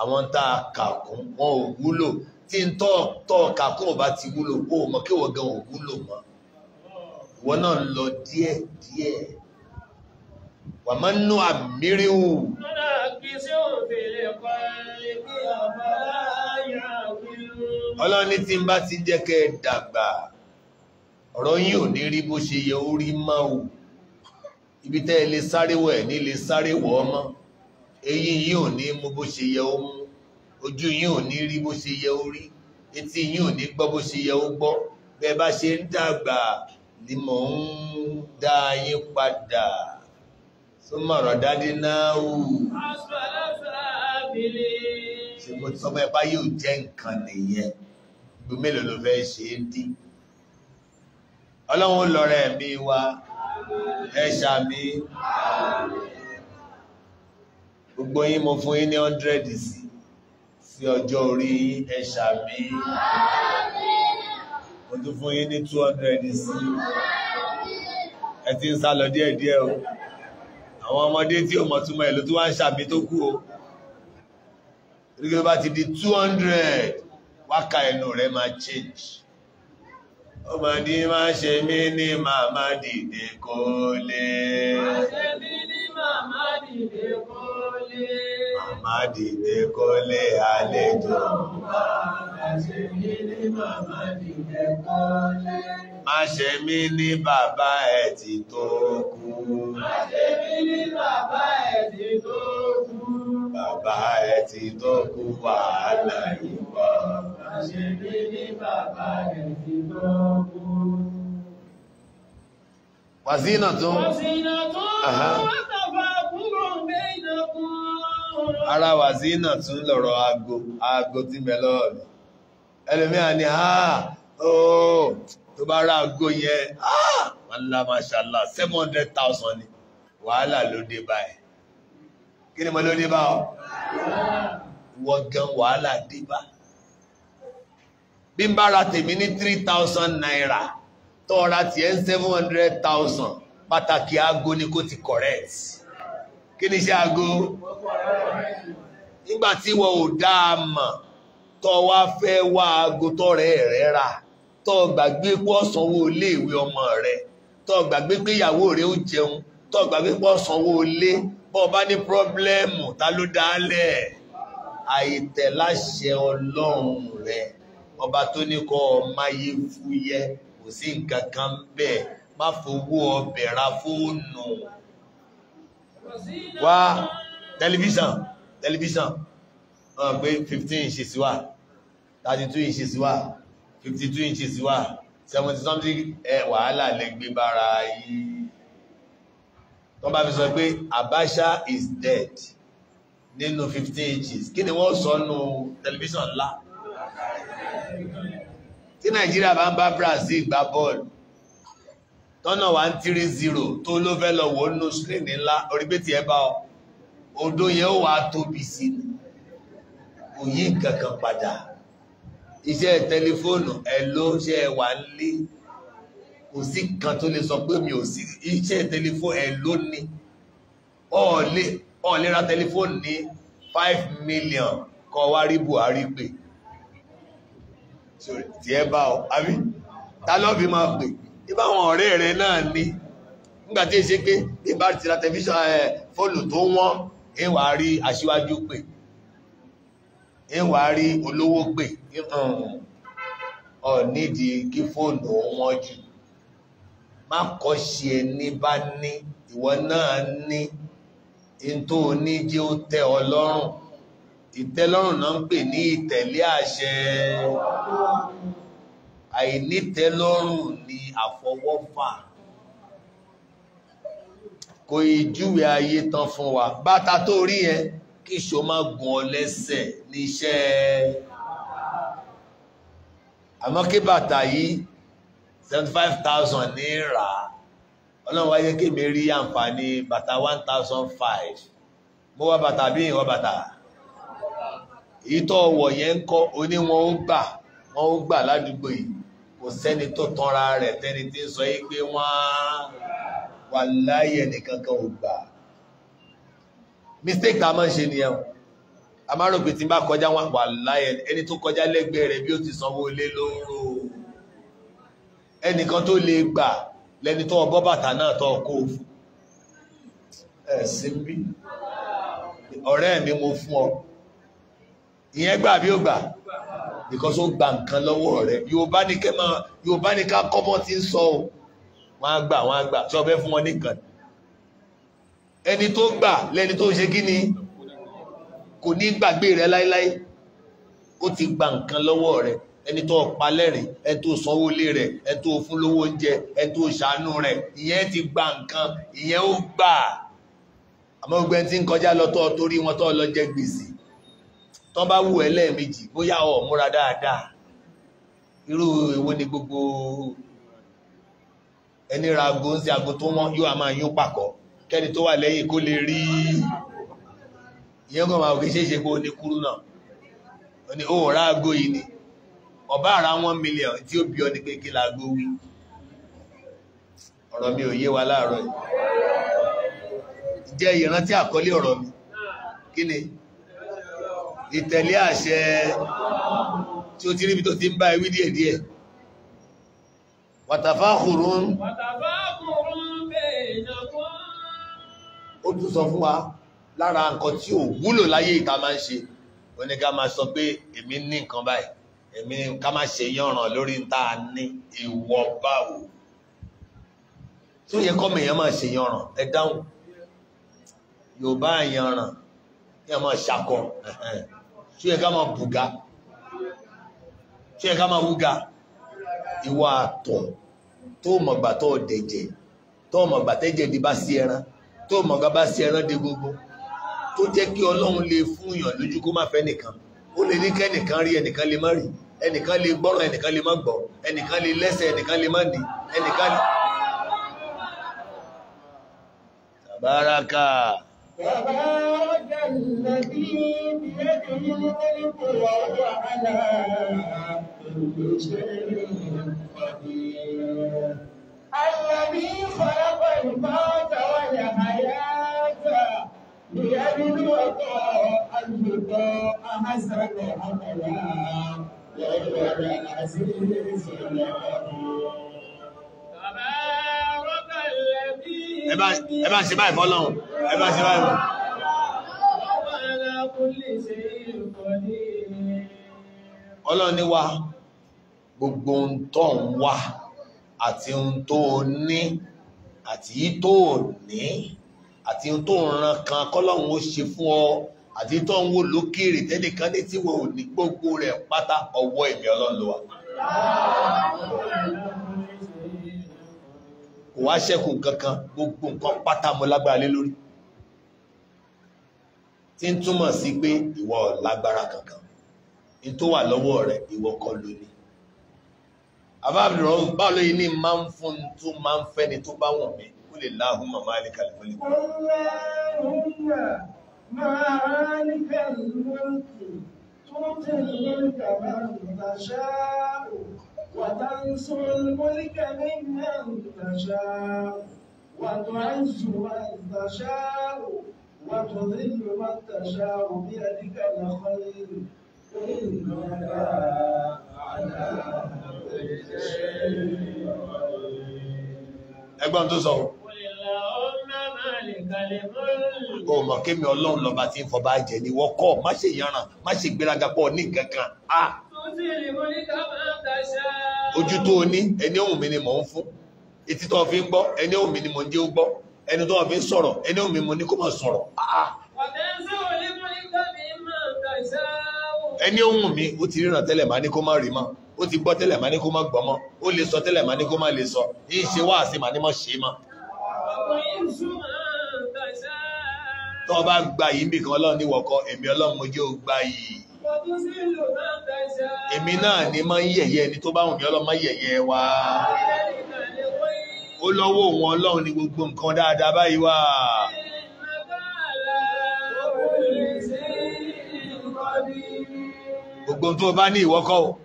àwọn tá a kà kún wọn ò wúlò tí n tọ́ tọ́ kà kún ọba ti wúlò kó o mọ̀ kí wọ́n gan ò wúlò mọ́ ìwọ náà lọ díẹ̀ díẹ̀ wàmánú àmírìwù. ọ̀nà kìí ọlọ́ni tí ń bá ti jẹ́ kẹ́ dàgbà ọ̀rọ̀ yìí ò ní rí bó ṣe yẹ ó rí máa wù ibi tẹ́ ilé sáréwọ̀ ẹ̀ ní ilé sáréwọ̀ ọmọ eyín yìí ò ní mú bó ṣe yẹ ó mú ojú yìí ní rí bó ṣe yẹ ó etí yìí ní gbọ́ bó ṣe yẹ ó gbọ́ bẹ́ẹ̀ bá ṣe ń dàgbà ni mò ń dá yín padà súnmọ̀rọ̀ dádé náà wù. ṣùgbọ́n tí ọmọ ẹ bá yóò jẹ́ nǹkan nìyẹn ju mélòó ló fẹ́ ṣe ń dí ọlọ́run lọ́rẹ̀ mi wá ẹ̀ṣà mi gbogbo yín mo fún yín ní 100 sí sí ọjọ́ orí ẹ̀ṣà mi mo tún fún yín ní 200 sí ẹ ti ń sá lọ díẹ̀díẹ̀ o àwọn ọmọdé tí o mọ̀ túnmọ̀ ẹ̀ ló tún wá ń ṣàmì tó kú o rí bá ti di 200 wákà ẹnu rẹ̀ máa change ọmọdé máa ṣe mí ní màmá dìde kó lé màmá dìde kó lé àlejò má ṣe mí ní bàbá ẹ̀ ti tó kú má ṣe mí ní bàbá ẹ̀ ti tó kú bàbá ẹ̀ ti tó kú wàhálà yìí pọ̀ àṣebí ní bàbá rẹ̀ ti gbọ́ kú. wàzínà tó wàzínà tó wàtàfà kúrò méjì kún. ara wàzínà tún lọ̀rọ̀ aago aago ti mẹ lọ́ọ̀lù ẹlòmíà ni ooo tó bá ra aago yẹn mọ́lá mashallah seven hundred thousand ni wàhálà ló dé báyìí kí ni mo ló dé bá wọ́n gan wàhálà dé báyìí bí n bá ra tèmi ní three thousand naira tó ra tiẹ̀ ń seven hundred thousand pàtàkì aago ni kò ti correct kí ni iṣẹ́ aago nígbà tí wọn ò dáa mọ̀ tó wá fẹ́ wá aago tọrẹ rẹ rà tó gbàgbé pé ọ̀sánwó iléèwé ọmọ rẹ tó gbàgbé pé ìyàwó rẹ ó jẹun tó gbàgbé pé ọ̀sánwó ilé bó bá ní pírọ́blẹ́mù ta ló dálẹ̀ àìtẹ̀láṣẹ ọlọ́run rẹ̀ ọba tó ní kọ́ ọmáyé fúyẹ́ kò sí nǹkan kan bẹ́ẹ̀ má fowó ọbẹ̀ ra fóònù wá tẹlifíṣàn tẹlifíṣàn wọn gbé fifteen inches wá thirty two inches wá fifty two inches wá seventy something ẹ wàhálà lè gbé bára yìí wọ́n bá fi sọ pé Abacha is dead nínú fifteen inches kí ni wọ́n sọ nù tẹlifíṣàn ńlá tí nàìjíríà bá ń bá brazil gbá bọ́ọ̀lù tọ́nà wà ń tírí zero tó ló fẹ́ lọ wò nínú sílẹ̀nì ńlá orí pé tiẹ̀ bá ọ odó yẹn ó wà á tóbi sí i kò yí kankan padà iṣẹ́ tẹlifóònù ẹ̀ ló ṣe é wà ń lé kò sí kan tó lè sọ pé mi ò sí iṣẹ́ tẹlifóònù ẹ̀ ló ní ọ̀ọ́lẹ́ra tẹlifóònù ní five million kọ́ wá rí buhari pé tí ẹ bá ọ àbí ta ló fi máa pè ibà àwọn ọ̀rẹ́ rẹ náà ni nígbà tí èsì pé bí bá ti ra tẹlifíṣàn ẹ fóònù tó wọ́n ẹ wà á rí aṣíwájú pè ẹ wà á rí olówó pè ọ nídìí kí fóònù wọn jù má kọ́ ṣe ẹni bá ní ìwọ náà ní ntó oníjẹ́ ó tẹ́ ọ lọ́rùn ìtẹ́lọ́rùn náà ń pè ní ìtẹ̀lé àṣẹ àìnítẹ́lọ́rùn ni àfọwọ́fà kò ìjúwe ayé tán fún wa bàtà tó rí ẹ kí ṣo má gùn ọ lẹ́sẹ̀ níṣẹ́ àmọ́ kí bàtà yìí 75,000 náírà ọlọ́run wáyé kí mi rí àǹfààní bàtà 1,005 mo wá bàtà bí ìwọ bàtà ìtọ́ ọwọ̀ yẹn ń kọ́ oní wọn ń gbà wọn ń gbà ládùúgbò yìí kò sẹ́ni tó tanra rẹ̀ tẹ́ni tí ń sọ yí pé wọ́n wà láyé nìkankan ò gbà mistake tá a máa ń ṣe nìyẹn o a máa rò pé tí n bá kọjá wọn wà láyé ẹni tó kọjá lẹ́gbẹ̀ẹ́ rẹ̀ bí ó ti sanwó lé lóró ẹnìkan tó lè gbà lẹni tó ọgbọ́ bàtà náà tó ọkọ̀ òfin ẹ̀ sí bí ọ̀rẹ́ mi mo fún ọ ìyẹn gbà bí ó gbà because ó gba nǹkan lọ́wọ́ rẹ̀ yorùbá ní kẹ́ máa yorùbá ní ká kọ́ bọ́n ti ń sọ o wọ́n á gbà wọ́n á gbà sọ fẹ́ fún wọn nìkan ẹni tó gbà lẹ́ni tó ṣe kí ni kò ní gbàgbé rẹ̀ láéláé ó ti gba nǹkan lọ́wọ́ rẹ̀ ẹni tó pa ẹni tó sanwó lé rẹ̀ ẹni tó fún lówó oúnjẹ ẹni tó ṣàánú rẹ̀ ìyẹn ti gba nǹkan ìyẹn ó gbà àmọ́ gbẹ́ntì ń kọjá lọ tọ́ torí wọn tọ́ lọ jẹ gbèsè tán bá wù ẹ́ lẹ́ẹ̀mejì bóyá ọ̀ múra dáadáa irú èwo ni gbogbo ẹni ra aago ń ṣe aago tó wọ́n yóò máa yún pàkọ́ kẹ́ni tó wà lẹ́yìn kó lè rí ìyẹn kan máa òkè ṣeéṣe kó ní kúrú náà ó ní ó ra aago yìí ni ọba ara wọn mílíọ̀n tí ó bí ọ ní pé kí laago wí ọ̀rọ̀ mi ò yé wa láàárọ̀ yìí jẹ́ ìrántí àkọlé ọ̀rọ̀ mi kí ni ìtẹ̀lé àṣẹ tí ó ti ríbi tó ti ń bá ewé díẹ̀ díẹ̀ watafakhurun ó tún sọ fún wa lára nǹkan tí ò wúlò láyé ìta máa ń ṣe oníká máa sọ pé èmi ní nǹkan báyìí èmi ká máa ṣe yànràn lórí níta ní ìwọ báwo tó yẹ kọ́ mèèyàn máa ṣe yànràn ẹ dáhùn yorùbá yànràn yẹn máa ṣakọ ṣé yẹ ká máa bùgá ṣé yẹ ká máa wúga ìwà àtọ̀ tó mọ̀gbà tó dẹ̀jẹ̀ tó mọ̀gbà tẹ́jẹ̀ di bá sí ẹran tó mọ̀gbà bá sí ẹran dé gbogbo tó jẹ́ kí ọlọ́run lè fún yàn lójú kó má fẹ́ nìkan ó lè ní kẹ́nìkan rí ẹnìkan lè má rí ẹnìkan lè gbọ́ràn ẹnìkan lè má gbọ́ ẹnìkan lè lẹ́sẹ̀ ẹnìkan lè má ní ẹnìkan lè. tàbáraka. تبارك الذي بيده الملك وهو على كل شيء قدير الذي خلق الموت والحياة ليبلوكم أيكم أحسن عملا وهو العزيز الغفور ẹ bá ẹ bá ṣe báyìí fọ́lọ́run ẹ bá ṣe báyìí fọ́lọ́run. Ọlọ́run ni wa gbogbo ń tọ́ ń wà àti ń tó ní àti tó ní àti tó ran kan kọ́lọ́run ó ṣe fún ọ àti tó ń wo lókèrè tẹ́nìkan ní tí wọn ò ní gbogbo rẹ̀ pátá ọwọ́ ìmì ọlọ́run ló kò wá ṣẹ́kù kankan gbogbo nǹkan pátá mo lágbára lé lórí tí ń túmọ̀ sí pé ìwọ lágbára kankan ní tó wà lọ́wọ́ rẹ̀ ìwọ kọ́ ló ní àbábìrún báwo ló yìí ní máa ń fún tó máa ń fẹ́ni tó bá wọ̀n mí kó lè láhùn màmá ní kàlùmọ́lì. máa ní kàlùmọ́lì tó tẹ̀lé kàbá ìgbà ṣáà وتنصر الملك ممن تشاء وتعز من تشاء وتذل من تشاء بيدك الخير إنك على كل شيء ẹgbọ́n tó sọ o mọ̀ kémi ọlọ́run lọ́ba tí ń fọba jẹ ni wọ́n kọ́ má ṣe yanran má ṣe gbéraga pọ̀ ní kankan. Ah! ojú tó o ní ẹni òun mi ni mò ń fún etí tó o fi ń gbọ́ ẹni òun mi ni mò ń jẹ́ ó gbọ́ ẹni tó o fi ń sọ̀rọ̀ ẹni òun mi mo ní kó mọ̀ sọ̀rọ̀ ẹni ohun mi ó ti ríran tẹ́lẹ̀ máa ní kó má rí mọ́ ó ti gbọ́ tẹ́lẹ̀ máa ní kó má gbọ́ mọ́ ó lè sọ tẹ́lẹ̀ máa ní kó má lè sọ yìí ṣe wá àṣẹ máa ní mọ́ ṣe mọ́. tó o bá gba yìí nìkan ọlọ́run níwọ̀kọ èmi ọlọ́run mo jẹ́ o gba yìí èmi náà ni máa ń yẹ̀yẹ́ ẹni tó bá wùn mí ọlọ́mọ yẹ̀yẹ́ wa ó lọ́wọ́ òun ọlọ́run ni gbogbo nǹkan dáadáa báyìí wà. gbogbo tó bá ní ìwọ́kọ́ o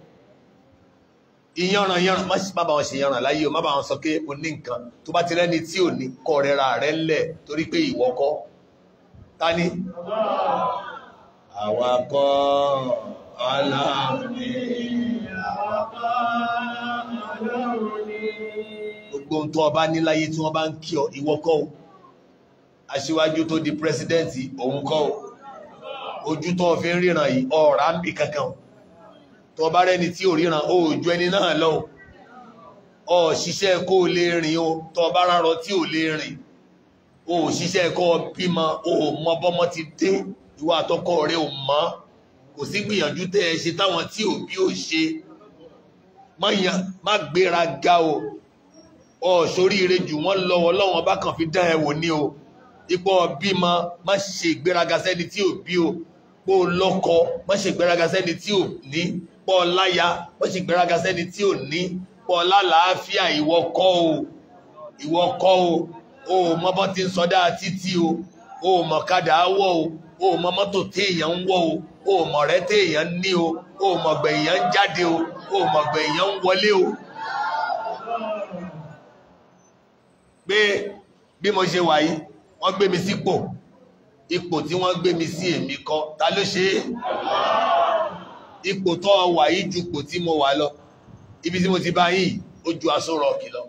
ìyanràn yanràn má sì má bá wọn ṣe yanràn láyé o má bá wọn sọ pé o ní nǹkan tó bá ti rẹ́ni tí ò ní kọ́ rẹ́ra rẹ̀ ńlẹ̀ torí pé ìwọ́kọ́ ta ni àwakọ̀ ọlọ́run ni àwakọ̀ ọlọ́run ni. gbogbo ohun tó ọba níláyé tí wọ́n bá ń kí ọ ìwọ kọ́ o aṣíwájú tó di pírẹsidẹ́ǹtì òun kọ́ o ojú tó fi ń ríran yìí ọ̀rá ń bì kankan tó bá rẹni tí ò ríran ó ju ẹni náà lọ ọ ṣiṣẹ́ kó o lè rìn o tó bá rárọ tí ò lè rìn o ṣiṣẹ́ kó o bímọ o mọ bọ́mọ ti dé ìwà àtọkọ rẹ ò mọ́ kò sí gbìyànjú tẹ́ ẹ ṣe táwọn tí òbí ò ṣe mọ̀yàn má gbéra ga o ọ̀ṣoríire jù wọ́n lọ́wọ́ lọ́wọ́n bá kàn fi dán ẹ wò ní o ipò bímọ má ṣe ìgbéraga sẹ́ni tí ò o pò lọ́kọ má ṣe ìgbéraga sẹ́ni tí ò ní pò láya má ṣe ìgbéraga sẹ́ni tí ò ní pò lálàáfíà ìwọ kọ́ o ìwọ kọ́ o o mọ́bọ́n ti ń sọdá títí o o mọ̀kadà áwọ̀ o o mọ mọ́tò téèyàn ń wọ̀ o o mọ̀ rẹ́ téèyàn ní o o mọ̀ gbẹ̀yàn ń jáde o o mọ̀ gbẹ̀yàn ń wọlé o. pé bí mo ṣe wà yìí wọ́n gbé mi sípò ipò tí wọ́n gbé mi sí èmi kọ́ ta ló ṣe é ipò tó wà yìí ju ipò tí mo wà lọ ibi tí mo ti bá yìí ó ju aṣọ rọ̀ọ̀kì lọ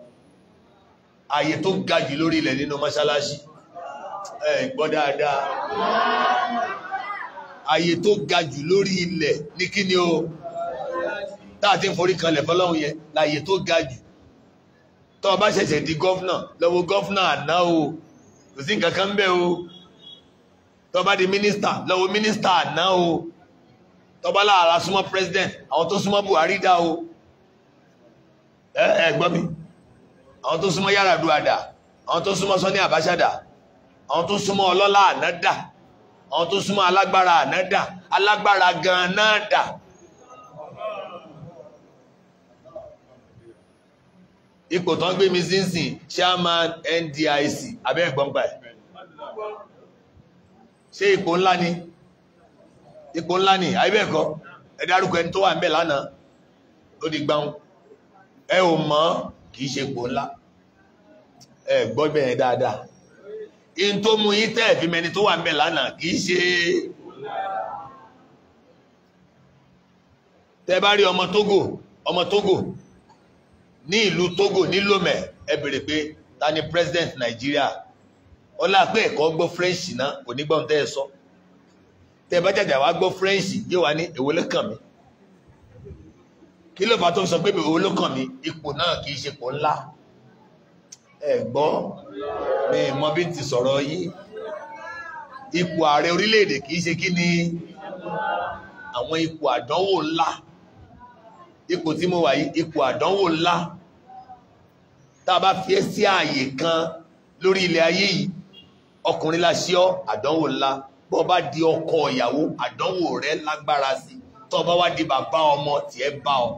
ààyè tó ga jù lórí ilẹ̀ nínú mọ́ṣáláṣí ẹ gbọ́ dáadáa àyè tó ga jù lórí ilẹ̀ ní kí ni o táàtí forí kanlẹ̀ fọlọ́run yẹn láyè tó ga jù tó o bá ṣẹ̀ṣẹ̀ di gọ́fúnà lọ́wọ́ gọ́fúnà àná o kò sí nǹkan kan o tó o bá di mínísítà lọ́wọ́ o tó o bá súnmọ́ àwọn o ẹ ẹ mi àwọn tó súnmọ́ Abacha àwọn tó súnmọ́ ọlọ́lá àná dà àwọn tó súnmọ́ alágbára àná dà alágbára gan náà dà ipò tó ń gbé mi sínsìn chairman NDIC abẹ́ ẹ̀gbọ́n pa ẹ̀ ṣé ipò ńlá ni ipò ńlá ni àìbẹ̀ẹ̀kọ́ ẹ dárúkọ ẹni tó wà ń bẹ̀ lánàá ó di gbáhùn ẹ ò mọ̀ kìí ṣe ipò ńlá ẹ gbọ́ bẹ́ẹ̀ dáadáa in tó mú yí tẹ́ fi mẹni tó wà ń bẹ̀ lánàá kìí ṣe tẹ́ bá rí ọmọ Tógò ọmọ Tógò ní ìlú Tógò ní Lomé ẹ bèrè pé ta ni president Nàìjíríà ọlá pé ẹ̀kọ́ gbọ́ French náà kò ní gbọ́n tẹ́ ẹ sọ tẹ́ bá jàjà wá gbọ́ French yé wa ní èwo ló kàn mí kí ló fà tó sọ pé èwo ló kàn mí ipò náà kìí ṣe pò ńlá ẹ gbọ́ mi mọ bí n ti sọ̀rọ̀ yín ipò ààrẹ orílẹ̀-èdè kì í ṣe kí ni àwọn ipò àdánwò ńlá ipò tí mo wà yìí ipò àdánwò ńlá tá a bá fi ẹ́ sí ààyè kan lórí ilẹ̀ ayé yìí ọkùnrin láṣẹ ọ àdánwò ńlá bó bá di ọkọ ìyàwó àdánwò rẹ lágbára sí tó bá wá di bàbá ọmọ tiẹ̀ bá ọ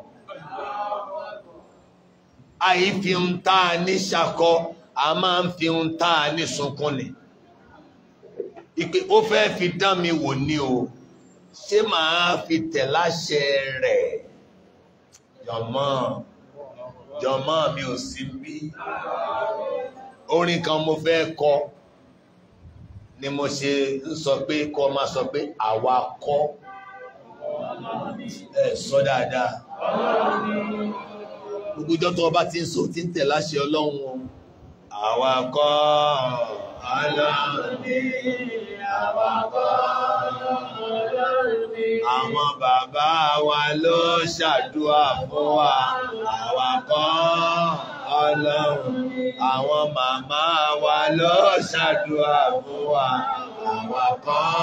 àìfi ń tá ní ṣakọ a máa ń fi ń tá a ní sunkún ni ìpè ó fẹ́ fi dán mi wò ni o ṣé màá fi tẹ̀ láṣẹ rẹ̀ jọ̀mọ́ jọ̀mọ́ mi ò sí bí orin kan mo fẹ́ kọ ni mo ṣe ń sọ pé kó máa sọ pé àwa kọ́ ẹ sọ dáadáa gbogbo ìjọ tó o bá ti ń sọ ti ń tẹ̀ láṣẹ ọlọ́run o awakọ̀ ọlọ́run awakọ̀ ọlọ́run àwọn bàbá wa ló ṣàdúrà fún wa awakọ̀ ọlọ́run àwọn màmá wa ló ṣàdúrà fún wa awakọ̀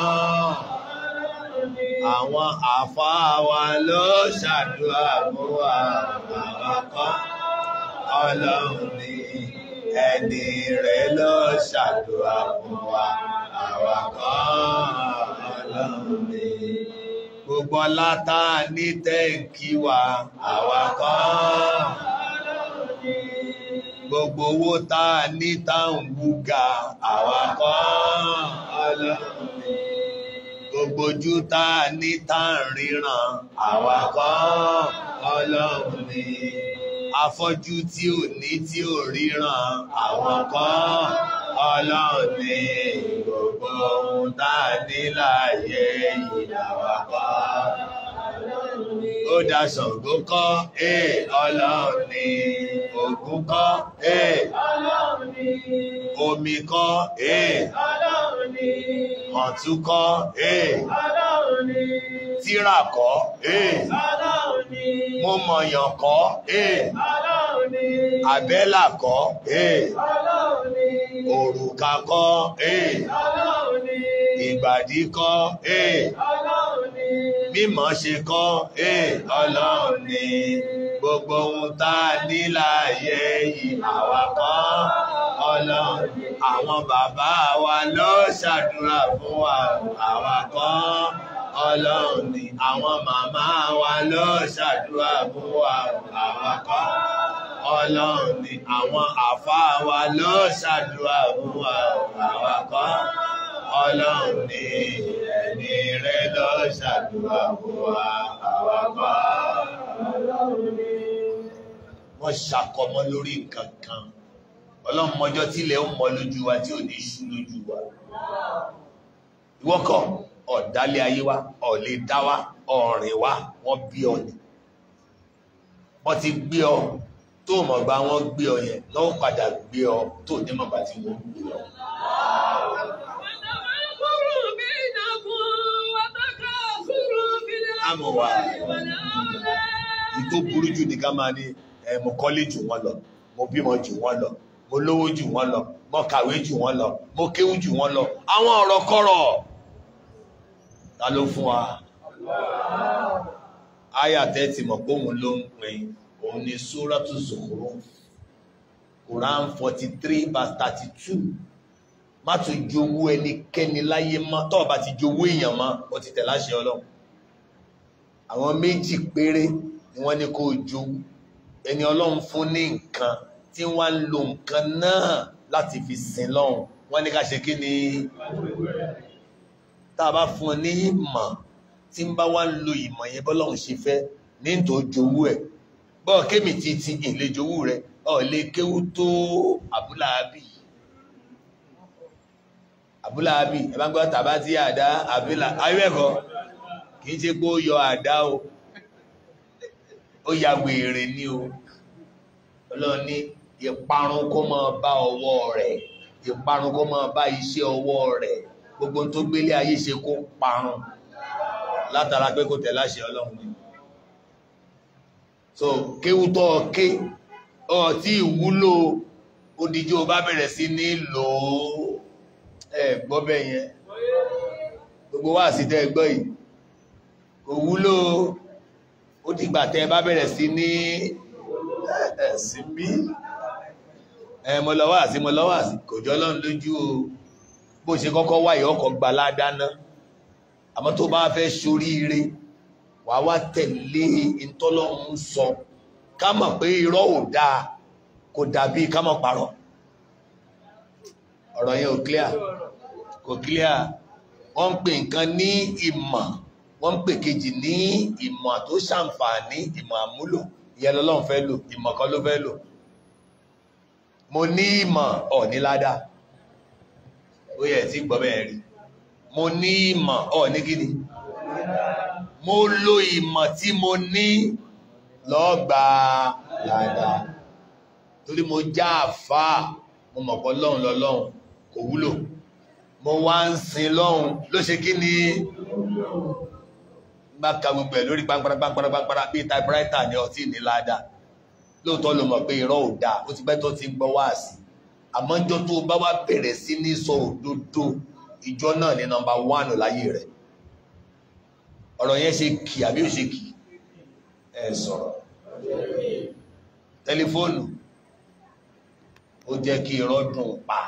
àwọn àfáà wa ló ṣàdúrà fún wa awakọ̀ ọlọ́run ẹni rẹ̀ ló ṣàdúrà fún wa àwa kan ọlọ́run mi. Gbogbo ọlá tá a ní tẹ́ǹkì wa àwa kan Gbogbo owó tá a ní táwọn wúga àwa kan ọlọ́run Gbogbo ojú tá a ní tá a ríran àwa kan ọlọ́run mi afọ́jú tí ò ní tí ò ríran àwọn kan ọlọ́run ní gbogbo ohun tá a ní láàyè ìyàwó kan ó dá Ṣàngó kọ́ ee ọlọ́run ní Ògún kọ́ ee omi kọ́ ee ọ̀tún kọ́ ee ọlọ́run kọ́ ee mo mọ̀yàn kọ́ eh. àbẹ́là kọ́ eh. òrùka kọ́ eh. ìgbàdí kọ́ mímọ̀ ṣe kọ́ ọlọ́run ni gbogbo ohun tá a ní láàyè yìí àwa kọ́ ọlọ́run àwọn bàbá wa ló ṣàdúrà fún àwa kọ́ ọlọ́run ni àwọn màmá wa ló ṣàdúrà fún wa àwa kọ́ ọlọ́run ni àwọn àfáà wa ló ṣàdúrà fún wa àwa kọ́ ọlọ́run ni ẹni rẹ ló ṣàdúrà fún wa àwa kọ́ wọ́n ṣàkọmọ́ lórí nǹkan ọlọ́run mọjọ́ tílẹ̀ ó mọ lójú wa tí ò ní ṣú lójú wa ìwọ́kọ̀ ọ̀dálé ayé wa ọ̀lẹ́ dá wa ọ̀rìn wa wọ́n bí ọ ni wọ́n ti gbé ọ tó mọ̀ bá wọ́n gbé ọ yẹn lọ́wọ́ padà gbé ọ tó ní mọ̀ bá ti wọ́n gbé ọ. àmọ́ wa ìtò burú jù ní ká máa ní mo kọ́lé jù lọ mo bímọ jù wọ́n lọ mo lówó jù wọ́n lọ mo kàwé jù wọ́n lọ mo kéwú jù wọ́n lọ àwọn ọ̀rọ̀ kọ́rọ̀ ta ló fún wa àyà tẹ́tì mọ̀ pé òun ló ń pè òun ni Suratu Zukhruf Quran forty three verse thirty two má tún jowó ẹnikẹ́ni láyé mọ́ tó bá ti jowó èèyàn mọ́ ó ti tẹ̀ láṣẹ Ọlọ́run àwọn méjì péré ni wọ́n ní kó jowó ẹni Ọlọ́run fún ní nǹkan tí wọ́n ń lo nǹkan náà láti fi sin lọ́hùn wọ́n ní ká ṣe kí ni tá a bá fún ọ ní ìmọ̀ tí ń bá wá ń lo ìmọ̀ yẹn bọ́lọ́run ṣe fẹ́ ní tó jowú ẹ̀ bọ́ kémi ti ti ìlé jowú rẹ ọ̀ lè kéwú tó àbúláàbì àbúláàbì ẹ bá ń gbọ́ tàbá tí àdá àbílà ayẹ́kọ̀ọ́ kì í ṣe pé ó yọ àdá o ó ya wèrè ni o ọlọ́run ní ìparun kó máa bá ọwọ́ rẹ̀ ìparun kó máa bá iṣẹ́ ọwọ́ rẹ̀ gbogbo tó gbélé ayé ṣe kó parun látara pé kò tẹ̀lé ọlọ́run ni so kéwútọ́ ké ọ tí ìwúlò odijó bá bẹ̀rẹ̀ sí ní lò ó ẹ gbọ́ bẹ́ yẹn gbogbo wá sí tẹ́ gbọ́ yìí kò wúlò ó dìgbà tẹ́ bá bẹ̀rẹ̀ sí ní ẹ̀sìn bí ẹ mọ àti mọ àti kò jọ́ lójú o bó ṣe kọ́kọ́ wá ìyọ́kọ̀ gba ládáná àmọ́ tó bá fẹ́ ṣoríire wàá wá tẹ̀lé ìtọ́lọ́run sọ ká mọ̀ pé irọ́ ò dáa kò dàbí ká mọ̀ parọ́ ọ̀rọ̀ yẹn ò clear kò clear wọ́n ń pè nǹkan ní ìmọ̀ wọ́n ń pè kejì ní ìmọ̀ tó ṣàǹfààní ìmọ̀ àmúlò ìyẹn lọ́lọ́run fẹ́ lò ìmọ̀ kan ló fẹ́ lò mo ní ìmọ̀ ọ̀ ní ládàá ó yẹ tí gbọ́ bẹ́ẹ̀ rí mo ní ìmọ̀ ọ̀ ní kíni mo lo ìmọ̀ tí mo ní lọ́gbà dáadáa torí mo já àfá mo mọ̀pọ̀ lọ́hun lọ́lọ́hun kò wúlò mo wá ń sin lọ́hun ló ṣe kí ni bá ka gbogbo ẹ̀ lórí pàǹpàràpàǹpàràpàǹpàrà bíi typewriter ni ọtí ní ládàá lóòótọ́ ló mọ̀ pé irọ́ ò dáa ó ti bẹ́ tó ti ń gbọ́ wáàsí àmọ́jọ́ tó bá wá bẹ̀rẹ̀ sí ní sọ òdodo ìjọ náà ní nọmba wánù láyé rẹ̀ ọ̀rọ̀ yẹn ṣe kì àbí ò ṣe kì ẹ sọ̀rọ̀ tẹlifóònù ó jẹ́ kí irọ́ dùn pa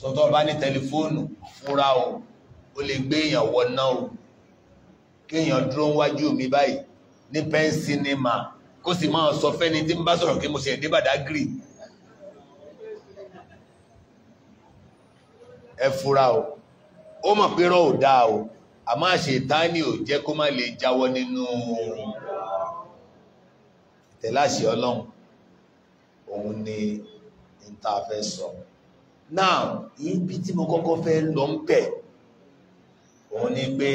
sọ́tọ́ bá ní tẹlifóònù fúnra o ó lè gbé èèyàn wọ o kéèyàn dúró wájú mi báyìí ní pẹ́ńsì ní mà kó sì máa sọ fẹ́ni tí ń bá sọ̀rọ̀ kí mo ṣe ẹ̀dínbàdà gírì ẹ fura o ó mọ̀ pé rọ́ ò dáa o àmọ́ àṣetánì ò jẹ́ kó má lè jáwọ́ nínú ìtẹ̀láṣẹ ọlọ́run òun ni n ta fẹ́ sọ now ibi tí mo kọ́kọ́ fẹ́ lọ ń bẹ̀ òun ni pé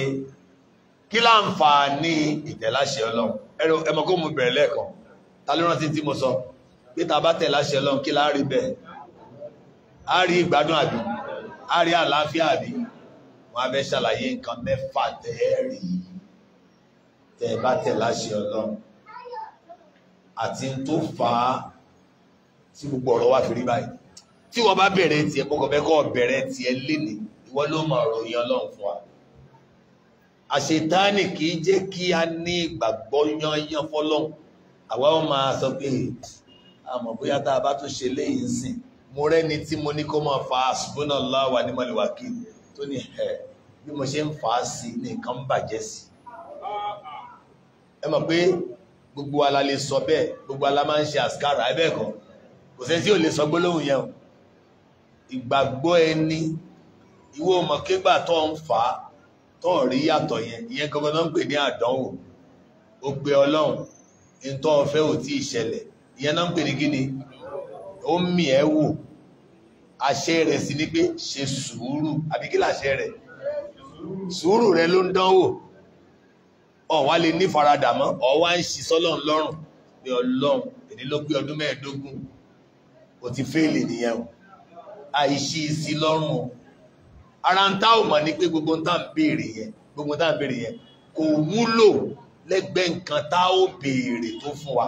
kí láǹfààní ìtẹ̀láṣẹ ọlọ́run ẹ̀rọ ẹ̀mọ́ kó mo bẹ̀rẹ̀ lẹ́ẹ̀kan ta ló rántí tí mo sọ pé ta bá tẹ̀láṣẹ ọlọ́run kí láà rí bẹ́ẹ̀ á rí ìgbádùn àbí a rí àlàáfíà bí wọ́n á fẹ́ ṣàlàyé nǹkan mẹ́fà tẹ́ẹ̀rí tẹ́ bá tẹ̀ láṣẹ ọlọ́run àti tó fà á tí gbogbo ọ̀rọ̀ wà fi rí báyìí tí wọ́n bá bẹ̀rẹ̀ tiẹ̀ kọ́kọ́ fẹ́ kọ́ bẹ̀rẹ̀ tiẹ̀ lénìí ìwọ ló mọ ọ̀rọ̀ yẹn ọlọ́run fún wa àṣetánì kì í jẹ́ kí a ní ìgbàgbọ́ yanyan fọlọ́run àwa ó máa sọ pé àmọ́ bóyá tá a bá tún ṣe léyìí sìn mo rẹ́ni tí mo ní kó máa fa subhanallahu wa ni'mal wakil tó ní ẹ̀ bí mo ṣe ń fa sí ní nǹkan ń bàjẹ́ sí ẹ mọ̀ pé gbogbo ala lè sọ bẹ́ẹ̀ gbogbo ala máa ń ṣe àṣkárà ẹ bẹ́ẹ̀ kan kò sẹ́ tí ò lè sọ gbólóhùn yẹn o ìgbàgbọ́ ẹni ìwọ mọ̀ kígbà tó ń fà tó ń rí yàtọ̀ yẹn ìyẹn gangan náà ń pè ní àdánwò ó pe ọlọ́run ní tó ń fẹ́ ò tí ì ìyẹn náà ń pè ní kíni ó mì ẹ́ wò àṣẹ rẹ̀ sì ni pé ṣe sùúrù àbí kí làṣẹ rẹ̀ sùúrù rẹ̀ ló ń dánwò ọ̀wá lè ní faradà mọ́ ọ̀wá ń ṣi sọ́lọ́run lọ́rùn pé ọlọ́run èdè ló pé ọdún mẹ́ẹ̀ẹ́dógún ò ti fẹ́ẹ̀lì nìyẹn o àìṣí sí lọ́rùn o ara ń tá ò mọ̀ ní pé gbogbo tá ń béèrè yẹn gbogbo tá ń béèrè yẹn kò wúlò lẹ́gbẹ̀ẹ́ nǹkan tá ò béèrè tó fún wa.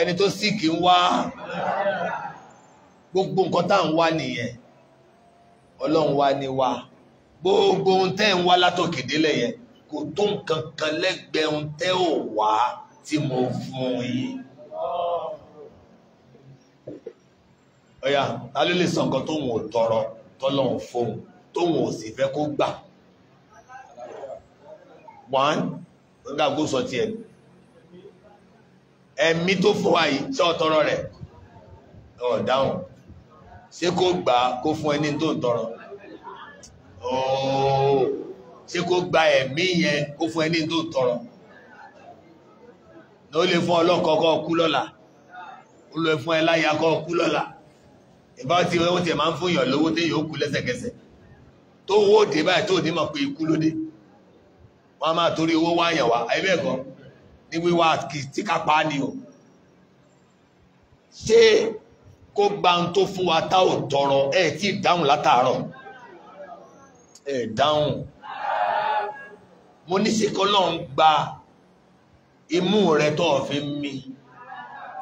ẹni tó síkì ń wá gbogbo nǹkan tá à ń wá nìyẹn ọlọ́run wá ní wá gbogbo ohun tẹ́ ń wá látòkè délẹ̀ yẹn kò tó nǹkan kan lẹ́gbẹ̀ẹ́ ohun tẹ́ ò wá tí mo fún yín. ọ̀yà ta ló lè sọ nǹkan tóun ò tọrọ tọ́lọ́run fóun tóun ò sì fẹ́ kó gbà. one ó dàgbò sọ tiẹ̀ nù ẹ̀mí tó fún wa yìí ṣé o tọrọ rẹ̀ ọ̀ dáhùn ṣé kó gbà kó fún ẹni tó ń tọrọ ooo ṣé kó gba ẹ̀mí yẹn kó fún ẹni tó ń tọrọ ló lè fún ọlọ́kọ̀ kọ́ kú lọ́la ó lè fún ẹ láyà kọ́ kú lọ́la ìbá tí wọ́n ti máa ń fún yàn lówó téèyàn ó kú lẹ́sẹ̀kẹsẹ̀ tó wó dé báyìí tó ní mọ̀ pé ikú ló dé wọ́n á máa torí owó wáyàn wá ayé bẹ́ẹ̀ kan ní wíwá tí kápá ni o ṣé kó gba ohun tó fún wa tá ò tọrọ ẹ tí ì dáhùn látàárọ̀ ẹ dáhùn mo ní ṣe kọ́ lọ́n gba imú rẹ tó fi ń mi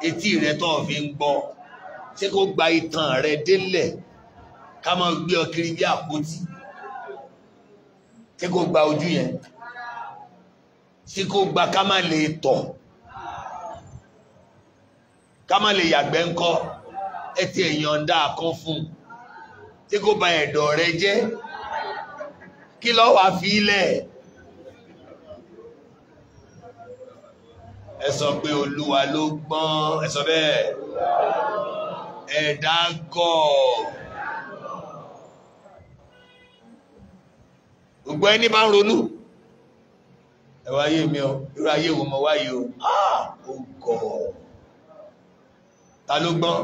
etí rẹ tó fi ń gbọ́ ṣé kó gba itan rẹ délẹ̀ ká máa gbé ọ kiri bí àpótí ṣé kó gba ojú yẹn tí kò gba ká má lè tọ̀ ká má lè yàgbẹ́ ńkọ́ ẹ ti èèyàn dá akọ́ fún tí kò ba ẹ̀dọ̀ rẹ jẹ́ kí lọ́ wàá fi ilẹ̀ ẹ sọ pé olúwa ló gbọ́n ẹ sọ bẹ́ẹ̀ ẹ̀dá gọ̀ gbogbo ẹni bá ń ronú ẹwà ayé mi ọ irú ayé wo mọ wáyé o ah ó oh gọ̀ ta ló gbọ́n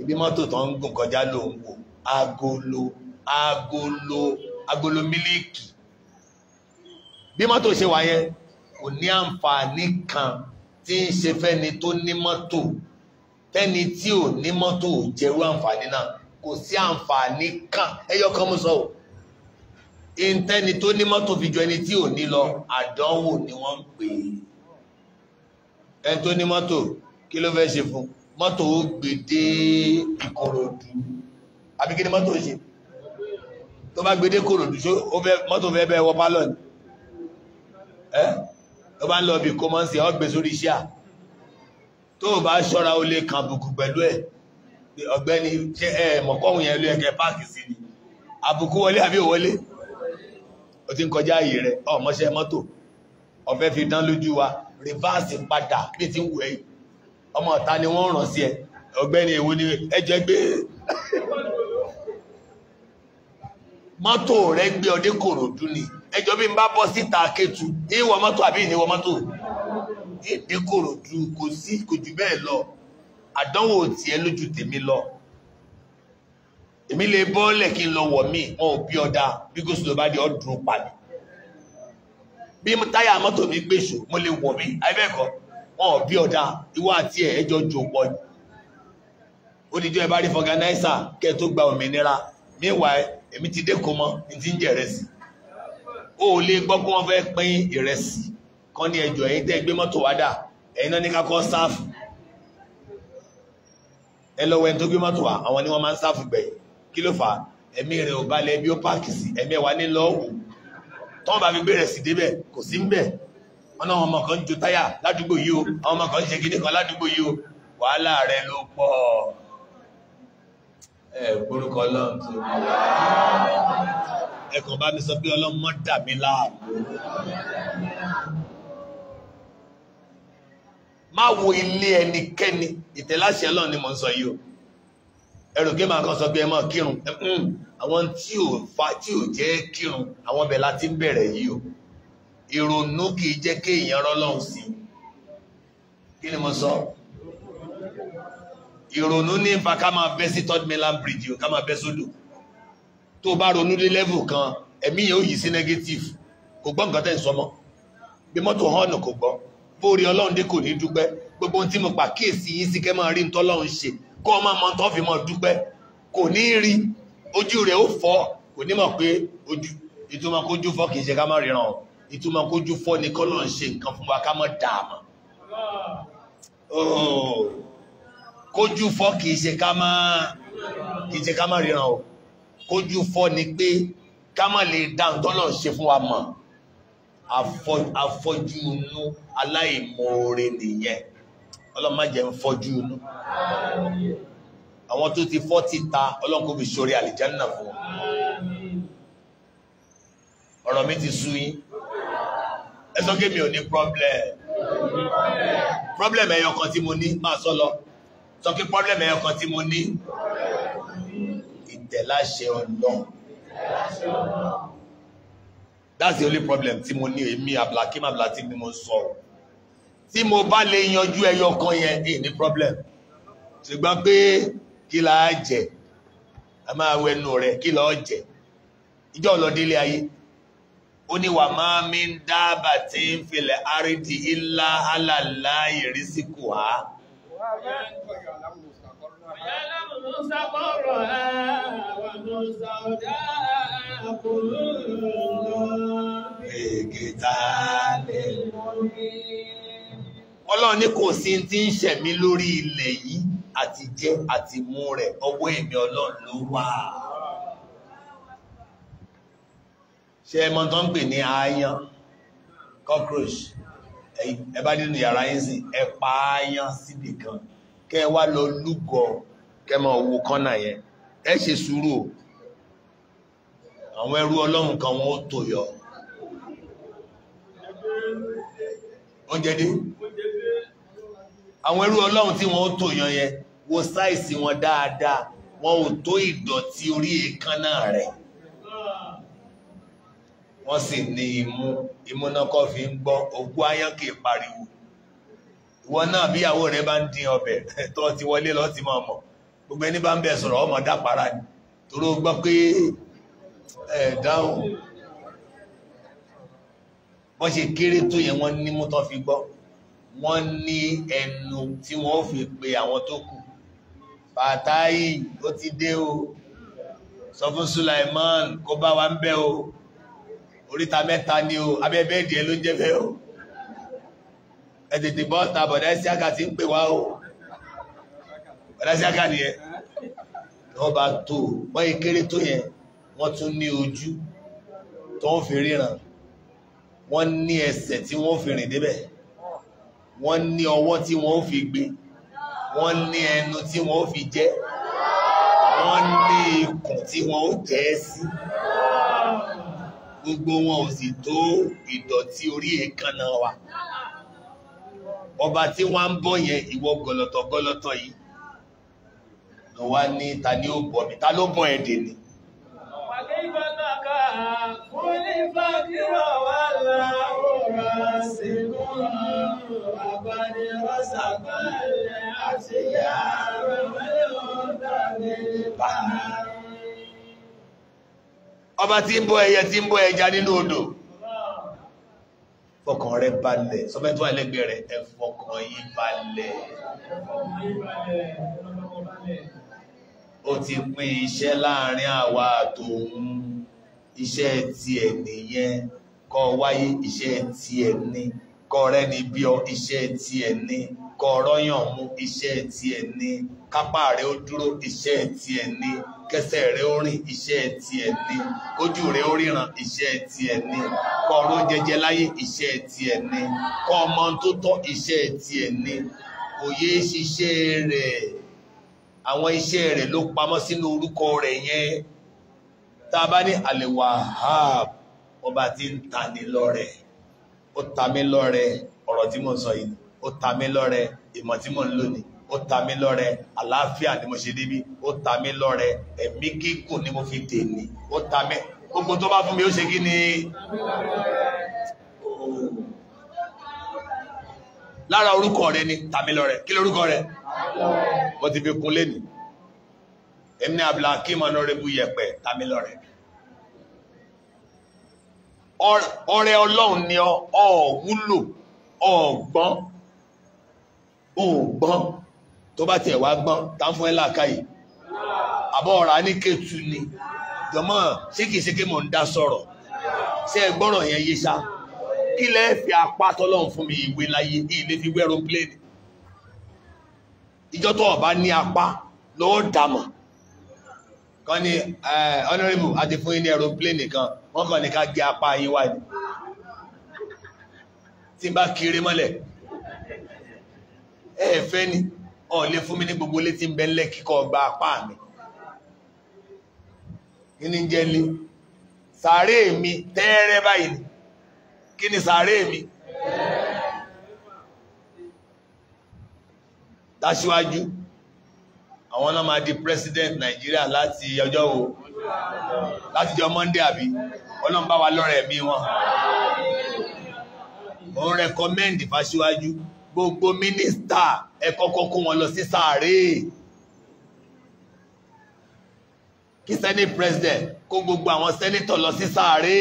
ibi mọ́tò tó ń gùn kọjá ló ń wò agolo agolo agolo mílíkì bí mọ́tò ṣe wà yẹn kò ní àǹfààní kan tí ń ṣe fẹ́ni tó ní mọ́tò fẹ́ni tí ò ní mọ́tò jẹ́rú àǹfààní náà kò sí àǹfààní kan ẹyọ kan mú sọ o ìntẹ́ni tó ní mọ́tò fi jọ ẹni tí ò ní lọ àdánwò ni wọ́n ń pè é ẹni tó ní mọ́tò kí ló fẹ́ ṣe fún mọ́tò ó gbé dé Ìkòròdú àbí kí ni mọ́tò ṣe tó bá gbé dé Ìkòròdú ṣó mọ́tò fẹ́ bẹ́ẹ̀ wọ pálọ̀ ni ẹ́ tó bá ń lọ bí kọ́mọ́nsì ọ́ gbé e sórí iṣẹ́ à tó o bá ṣọ́ra o lè kàn bùkù pẹ̀lú ẹ̀ ọ̀gbẹ́ni ẹ̀ mọ̀kọ́hùn yẹn ló yẹ kẹ́ páàkì sí ni àbùkù wọlé àbí òwọlé o ti ń kọjá ààyè rẹ ọmọṣẹ́ mọ́tò ọ̀fẹ́ fi dán lójú wa rìvásì padà bí ti ń wù ẹ́ ọmọ ọ̀tá ni wọ́n ràn sí ẹ ọ̀gbẹ́ni èwo ni ẹjẹ́ gbé mọ́tò rẹ gbé ọdẹ kòròdú ni ẹjọ́ bí n bá bọ́ síta kẹtù ìwọ mọ́tò àbí ìníwọ mọ́tò èdè kòròdú kò sí kò jù bẹ́ẹ̀ lọ àdánwò tiẹ̀ lójú tèmi lọ èmi lè bọ́ọ̀lẹ̀ kí n lọ wọ̀ mí wọn ò bí ọ̀dà bí gúúsù ló bá di ọ̀dùn pa mi bí táyà mọ́tò mi gbèsò mo lè wọ̀ mí àìbẹ́ẹ̀kọ́ wọn ò bí ọ̀dà ìwọ àti ẹ̀ ẹjọ́ jò pọ̀ jù ó ní jọ bá rí fọgànáísà kẹ tó gba òmìnira meanwhile èmi ti dẹ́kun mọ́ ní ti ń jẹ ìrẹsì ó lè gbọ́ pé wọ́n fẹ́ pín ìrẹsì kan ní ẹjọ́ ẹ̀yin tẹ́ gbé mọ́tò gbé mọ́tò wá kí ló fà á ẹ̀mí rẹ̀ ò balẹ̀ bí ó páàkì sí ẹ̀mí ẹ̀wà ní lọ́wọ́ tọ́ bá fi bẹ̀rẹ̀ sí débẹ̀ kò sí ń bẹ̀ wọn náà ọmọ kan ń ju táyà ládùúgbò yìí o àwọn ọmọ kan ń ṣe kinní kan ládùúgbò yìí o wàhálà rẹ̀ ló pọ̀ ẹ gbórúkọ ọlọ́run tó ẹ kàn bá mi sọ pé ọlọ́run dà mí láàmú. má wo ilé ẹnikẹ́ni ìtẹ̀láṣẹ ọlọ́run ni mò ń sọ yìí o ẹrù kí màá kàn sọ pé ẹ máa kírun hmm, àwọn tí ò fa tí ò jẹ́ kírun àwọn bẹ̀ láti bẹ̀rẹ̀ yìí o ìrònú kì í jẹ́ kéèyàn rọ́lọ́hùn sí kí ni mo sọ ìrònú ní nfa ká máa bẹ́ sí third mainland bridge ká máa bẹ́ sódò tó bá ronú dé level kan ẹ̀mí yẹn ó yí sí negative kò gbọ́ nǹkan tẹ̀ ń sọmọ́ bí mọ́tò hàn kò gbọ́ bó rí ọlọ́run dé kò ní dúpẹ́ gbogbo ohun tí mo pàkíyèsí yín sí kẹ́ máa rí ntọ́lọ́run ṣe kó ọmọ ọmọ tó fi mọ dúpẹ́ kò ní rí ojú rẹ̀ ó fọ́ kò ní mọ̀ pé ojú ìtumọ̀ kójú fọ́ kìí ṣe ká má ríran o ìtumọ̀ kójú fọ́ ni kọ́ ló ń ṣe nǹkan fún wa ká má dààmú oh, kójú fọ́ kìí ṣe ká má kìí ṣe ká má ríran o kójú fọ́ ni pé ká má lè dá nǹkan náà ṣe fún wa mọ̀ afọ́jú inú aláìmoore nìyẹn ọlọ́run má jẹ́ ń fọ́jú inú àwọn tó ti fọ́ ti ta ọlọ́run kò fi sórí àlìjánà fún wọn ọ̀rọ̀ mi ti sú yín ẹ sọ mi ò ní problem problem ẹyọ kan tí mo ní máa sọ lọ sọ pé problem ẹyọ kan tí mo ní ìtẹ̀láṣẹ ọlọ́run that's the only problem tí mo ní èmi àblákí màblákí ni mo sọ̀rọ̀ tí mo bá lè yanjú ẹyọ kan yẹn èyí ní problem ṣùgbọ́n pé kí la jẹ a máa wẹnu rẹ kí lọ jẹ ìjọ lọ délé ayé ó ní wà máa mi ń dáàbà tí ń filẹ̀ àrídì ilá alàlá ìrísíkù wá Èkìtà lè mọ̀ ní ọlọ́run ní kò sí ti ń ṣẹ̀mí lórí ilẹ̀ yìí àti jẹ àti mu rẹ̀ ọwọ́ èmi ọlọ́run ló wà. ṣé ẹ tó ń pè ní aáyán cockroach ẹ bá nínú yàrá yín sí ẹ pa aáyán síbì kan kẹ ẹ wá lọ lúgọ kẹ mọ owó kọ́nà yẹn ẹ ṣe sùúrù àwọn ẹrú ọlọ́run kan wọn ó tò oúnjẹ dé àwọn ẹrú ọlọ́run tí wọ́n tò yan yẹn wo sáìsì wọn dáadáa wọn ò tó ìdọ̀tí orí èékánná rẹ̀ wọ́n sì ní imú imú náà kọ́ fi ń gbọ́ òkú ayán kì í pariwo ìwọ náà bí ìyàwó rẹ bá ń dín ọbẹ̀ <laughs> tó ti wọlé lọ ti máa mọ̀ gbogbo ẹni bá ń bẹ̀ sọ̀rọ̀ ọmọ dápara ni torí ó gbọ́ pé ẹ̀ dáhùn wọ́n ṣe kéré tó yẹ wọ́n nímú tán fi gbọ́ wọ́n ní ẹnu tí wọ́n fi pe àwọn tó kù fàtáì ó ti dé o sọ fún Sulaiman kó bá wa ń bẹ o oríta mẹ́ta ni o abẹ́bẹ́ ìdíẹ̀ ló jẹ́ bẹ́ o ẹ̀tẹ̀tẹ̀ bọ́ta bọ̀dá ìsíákà ti ń pè wá o bọ̀dá ìsíákà ni ẹ wọ́n bá tó wọ́n ikéré tó yẹn wọ́n tún ní ojú tó ń fi ríran wọ́n ní ẹsẹ̀ tí wọ́n fi rìn débẹ̀ wọ́n ní ọwọ́ tí wọ́n fi gbé wọ́n ní ẹnu tí wọ́n fi jẹ wọ́n ní ikùn tí wọ́n ó jẹ sí gbogbo wọn ò sì tó ìdọ̀tí orí èékánná wa ọba tí wọ́n ń bọ̀ yẹn ìwọ gọlọtọ̀ gọlọtọ̀ yìí ló wá ní ta ni ó bọ̀ mi ta ló bọ̀ ẹ̀ dè ni كيف بكى كل فقر والله راسك وقد رزق الأشياء والهدى ọba tí ń bọ́ ẹyẹ tí ń bọ́ ẹja nínú odò fọkàn rẹ balẹ̀ sọfẹ́tọ́ ẹlẹ́gbẹ̀ẹ́ rẹ ẹ fọkàn yín balẹ̀ ó ti pín iṣẹ́ láàrin àwa àtòun iṣẹ́ tiẹ̀ nìyẹn kọ́ wáyé iṣẹ́ tiẹ̀ ni kọ́ rẹ́ni bí ọ iṣẹ́ tiẹ̀ ni kọ́ rọ́yàn mú iṣẹ́ tiẹ̀ ni kápá rẹ ó dúró iṣẹ́ tiẹ̀ ni kẹsẹ̀ rẹ ó rìn iṣẹ́ tiẹ̀ ni kójú rẹ ó ríran iṣẹ́ tiẹ̀ ni kọ́ ọ̀rọ̀ jẹjẹ láyé iṣẹ́ tiẹ̀ ni kọ́ ọmọ tó tọ́ iṣẹ́ tiẹ̀ ni òye ṣiṣẹ́ rẹ̀ àwọn iṣẹ́ rẹ̀ ló pamọ́ sínú orúkọ rẹ̀ yẹn tá a bá ní Al-Wahhab ọba tí ń ta ni lọ́rẹ ó ta mí lọ́rẹ ọ̀rọ̀ tí mo ń sọ yìí ó ta mí lọ́rẹ ìmọ̀ tí mo ń lò ní ó ta mí lọ́rẹ àlàáfíà ni mo ṣe débi ó ta mí lọ́rẹ ẹ̀mí kíkùn ni mo fi dèní ó ta mí gbogbo tó bá fún mi ó ṣe kí ni. lára orúkọ rẹ ni ta mí lọ́rẹ kí lórúkọ rẹ wọ́n ti fi kún lé ní èmi ní abdulhakeem ọlọ́rẹ́bù yẹpẹ tamilọ́rẹ́ ọ̀rẹ́ ọlọ́run ni ọ wúlò ọ̀gbọ́n ọ̀gbọ́n tó bá tiẹ̀ wá gbọ́n tá fún ẹ láàkáyè àbọ̀ ọ̀rá ní kẹtù ni jọmọ́ ṣé kìí ṣe kí mò ń dá sọ̀rọ̀ ṣé ẹ gbọ́rọ̀ yẹn yé sá kí lẹ́ẹ̀ fi apá tọ́lọ́run fún mi ìwé láyé ilé fi wẹ́rọ pléènì ìjọ tó ọba ní apá lọ́wọ́ dàmọ̀ kan ní honourable àti fún yín aeroplane kan wọ́n kàn ní ká gé apá yín wá tí bá kiri mọ́lẹ̀ ẹ ni ọ̀ lè fún mi ní gbogbo létí ń bẹ́ńlẹ̀ kíkọ́ gba apá mi kí ni jẹ́ lé sàárè mi tẹ́ẹ́rẹ́ báyìí kí ni sàárè mi. tàṣíwájú àwọn náà máa di president Nigeria láti ọjọ́ wo láti jọ Monday àbí ọlọ́run bá wa lọ́rẹ̀ ẹ̀mí wọn mo ń rẹkọmẹ́ndì fàṣíwájú gbogbo minister, ẹ kọ́kọ́ kó wọn lọ sí sàárè kí senate president kó gbogbo àwọn senator lọ sí sàárè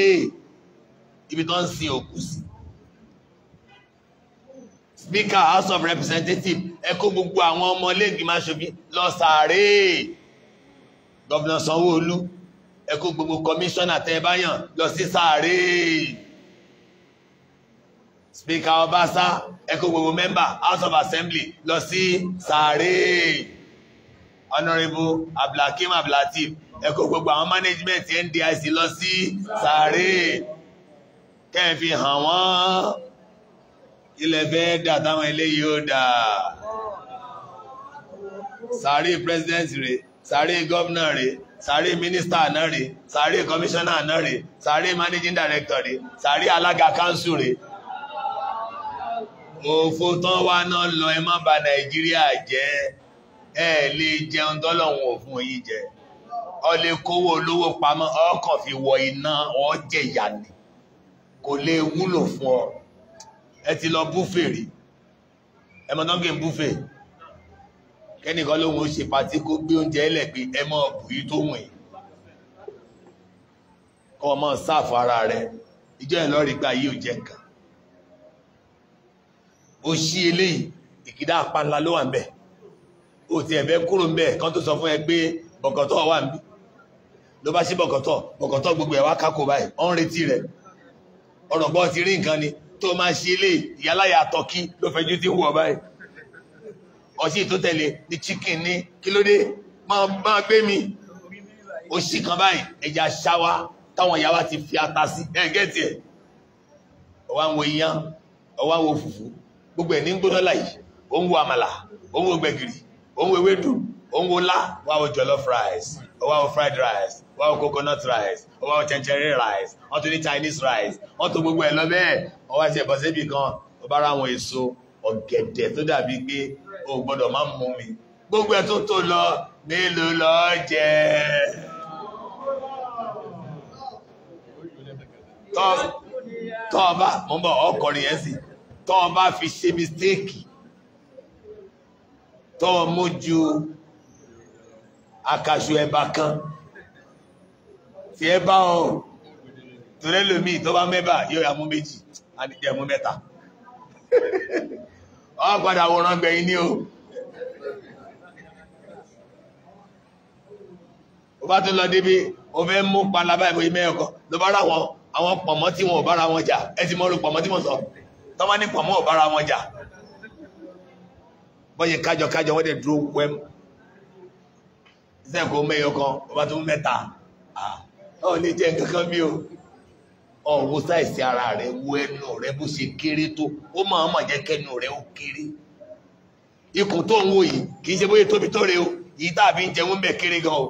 ibi tó ń sin òkú sí speaker house of representatives ẹ kó gbogbo àwọn ọmọ iléègbìmọ̀ aṣòfin lọ sàárè gọ́vnà sanwó-olú ẹ kó gbogbo kọmíṣánná tẹ́ẹ̀báyàn lọ sí sàárè speaker ọbaṣá ẹ kó gbogbo member house of assembly lọ sí sàárè honourable abdulhakeem abdulhateef ẹ kó gbogbo àwọn management ndic lọ sí sàárè kẹ́ẹ̀ fi hàn wọ́n ilẹ̀ bẹ́ẹ̀ dà táwọn eléyìí ó dà sàárè president rè sàárè gọ́vnà rè sàárè mínísítà náà rè sàárè kọmíṣánná náà rè sàárè managing director rè sàárè alága council rè òfò tán wá náà lọ ẹ má bà nàìjíríà jẹ́ ẹ lè jẹun tọ́lọ́hun òfun yìí jẹ ọ lè kówó olówó pamọ́ ọkàn fi wọ iná ọ jẹ̀yà ni kò lè wúlò fún ọ ẹ ti lọ búfè rí ẹ mọ nọ́gìn búfè kẹ́nìkan lóhun ó ṣe pàtí kó gbé oúnjẹ ẹlẹ̀ pé ẹ mọ bùyí tó wùn yìí kọ́ ọmọ sáàfù ara rẹ ìjọ ìlọrin gba yìí ò jẹ́ kan ó ṣí eléyìí ìkìdá àpáńlá ló wà ń ó ti ẹ̀bẹ̀ kúrò ń kan tó sọ fún ẹ pé bọ̀kọ̀tọ̀ wà ń ló bá ṣí bọ̀kọ̀tọ̀ bọ̀kọ̀tọ̀ gbogbo ẹ̀ wá kákó báyìí ó retí rẹ̀ ọ̀rọ̀ gbọ́ ti rí nǹkan ni tó máa ṣe lè ìyáláyà tọ́kí ló fẹjú tí ń wọ̀ báyìí ọtí tó tẹ̀lé ní chicken ni kí ló dé máa gbé mi òṣì kan báyìí ẹja ṣáwá táwọn ìyáwá ti fi ata sí ẹ̀ǹgẹ́tì ẹ̀ ọwá ń wo iyán ọwá ń wo fùfú gbogbo ẹ̀ ní gbóná láì ó ń wo àmàlà ó wo gbẹ̀gìrì ó wo ewédú ó wo lá wá wo jollof rice ó wá fried rice wọ́n wá coconut rice wọ́n wá chẹ̀nchẹ̀rẹ̀ rice wọ́n tún ní Chinese rice wọ́n tún gbogbo ẹ̀ lọ bẹ́ẹ̀ wọ́n wá ṣe ìbọ̀sẹ̀ ibì kan ó bá ra àwọn èso ọ̀gẹ̀dẹ̀ tó dàbí pé o gbọ́dọ̀ má mú mi gbogbo ẹ̀ tó tó lọ mélòó lọ jẹ. tọ́ ọba mo ń bọ̀ ọkọrin yẹn sì tọ́ fi ṣe mistake tọ́ ọ mú ju akaṣu ẹ̀bà kan tí ẹ bá ọ torẹ́ lómi tó bá mẹ́bà yóò yà mú méjì àdìjẹ́ mú mẹ́ta ọ padà wòran gbẹ̀yìn ní o ó bá tún lọ débi o fẹ́ mú palaba ìwé mẹ́ọ̀kọ́ ló bá ra wọn àwọn pọ̀mọ́ tí wọn ò bára wọn jà ẹ ti mọ́ orí pọ̀mọ́ tí mo sọ tọ́wọ́ ní pọ̀mọ́ ò bára wọn jà bọ́yẹ kájọ kájọ wọ́n dẹ̀ dúró wẹ́m sẹ́kọ̀ọ́ mẹ́yọ kan ọba tó mẹ́ta ah ọ lè jẹ kankan mi o ọ̀wọ́ sáìsì ara rẹ̀ wo ẹnu rẹ̀ bó ṣe kéré tó ó máa mọ̀ jẹ́ kẹnu rẹ̀ ó kéré ikùn tó ń wò yìí kì í ṣe bóyá tóbi tó re o yìí tá a fi ń jẹun bẹ̀ kéré gan o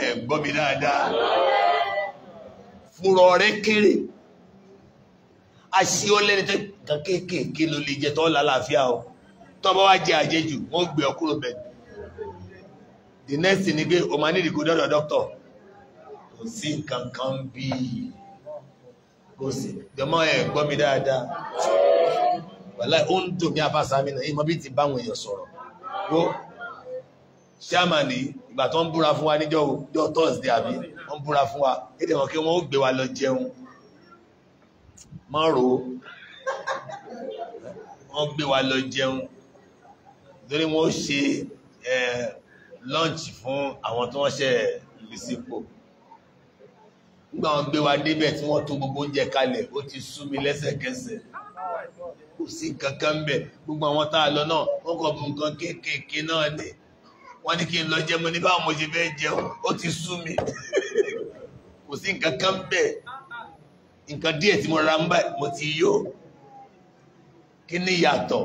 ẹ gbọ́ mi dáadáa fúnra rẹ̀ kéré aṣíọ́lẹ́ni tó kan kéékèèké ló lè jẹ tó ń lálàáfíà o tó bá wá jẹ àjẹjù wọ́n gbé ọ kúrò the next thing ni pé o máa ní ìdìkú dọ́dọ̀ dọ́kítọ̀ kò sí nǹkan kan bí kò sí gbẹmọ ẹ gbọ́ mi dáadáa wàláì ó ń dùn mí afásàmì náà ìmọ̀ bí ti báwọn èèyàn sọ̀rọ̀ wo ṣáàmàní ìgbà tó ń búra fún wa níjọ́ ọjọ́ thursday àbí wọ́n ń búra fún wa èdè wọn kí wọ́n ó gbé wa lọ jẹun mọ́rò wọ́n gbé wa lọ jẹun lórí wọn ó ṣe lunch fún àwọn tó wọ́n ṣe lùsípò nígbà wọn gbé wa débẹ̀ tí wọ́n tó gbogbo oúnjẹ kalẹ̀ ó ti sú mi lẹ́sẹ̀kẹsẹ̀ kò sí kankan ń bẹ̀ gbogbo àwọn tá a lọ náà wọ́n kọ̀ bù nǹkan kéékèèké náà ni wọ́n ní kí n lọ jẹun ní báwọn mo ṣe fẹ́ jẹun ó ti sú mi <laughs> kò sí nǹkan kan ń bẹ̀ nǹkan díẹ̀ tí mo ra ń bá mo ti yó kí ni yàtọ̀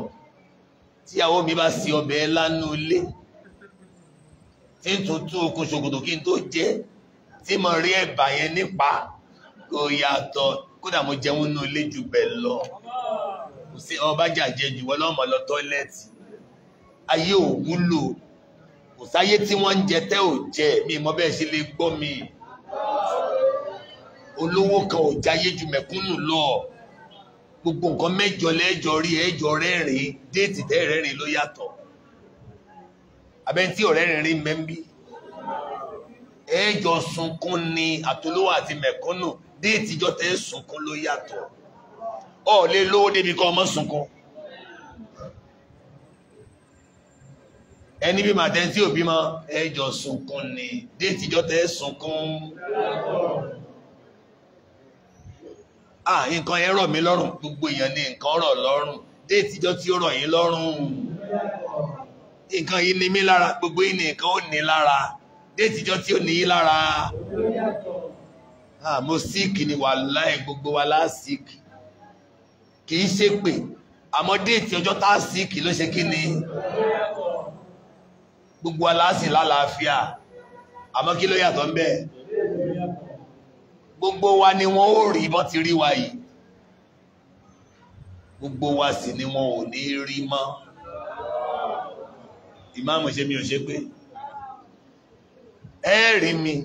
tíyàwó mi bá sí ọbẹ̀ lánú ilé tí ń tuntun okùn ṣòkòtò kí n tó jẹ́ tí mo rí ẹ̀bà yẹn nípa kò yàtọ̀ kódà mo jẹun nínú ilé jù bẹ́ẹ̀ lọ kò sí ọba jàjẹ jù wọ́n lọ́mọ lọ tọ́ílẹ̀tì ayé ò wúlò kò sáyé tí wọ́n ń jẹ tẹ́ ò jẹ mi mọ́ bẹ́ẹ̀ ṣe lè gbọ́ mi olówó kan ò jáyé ju mẹ̀kúnnù lọ gbogbo nǹkan mẹ́jọ lẹ́jọ rí ẹjọ rẹ́rìn déètì tẹ́ rẹ́rìn ló yàtọ̀ abẹ́ntí ọ̀rẹ́rìn rí mẹ́mbí ẹjọ́ sunkún ni àtolówó àti mẹ̀kúnnù déètì ìjọ tẹ́ sunkún ló yàtọ̀ ọ lè lówó débi kan ọmọ sunkún ẹni bí màtẹ́ tí ò bímọ ẹjọ́ sunkún ni déètì ìjọ tẹ́ sunkún à nǹkan yẹn rọ̀ mí lọ́rùn gbogbo èèyàn ni nǹkan rọ̀ lọ́rùn déètì ìjọ tí ó rọ̀ yín lọ́rùn nǹkan yìí ni mí lára gbogbo yìí ni nǹkan ó ní lára déètìjọ́ tí ó ní yí lára ah, mo síkì ni wà láì gbogbo wa lá síkì kì í ṣe pé àmọ́ déètì ọjọ́ tá síkì ló ṣe kí ni gbogbo wa lá lálàáfíà àmọ́ kí ló yàtọ̀ ń bẹ gbogbo wa ni wọ́n ó rí bọ́ ti rí wa yìí gbogbo wa sì ni wọn ò ní rí mọ́ ìmáàmù ṣe mi ò ṣe pé ẹ rí mi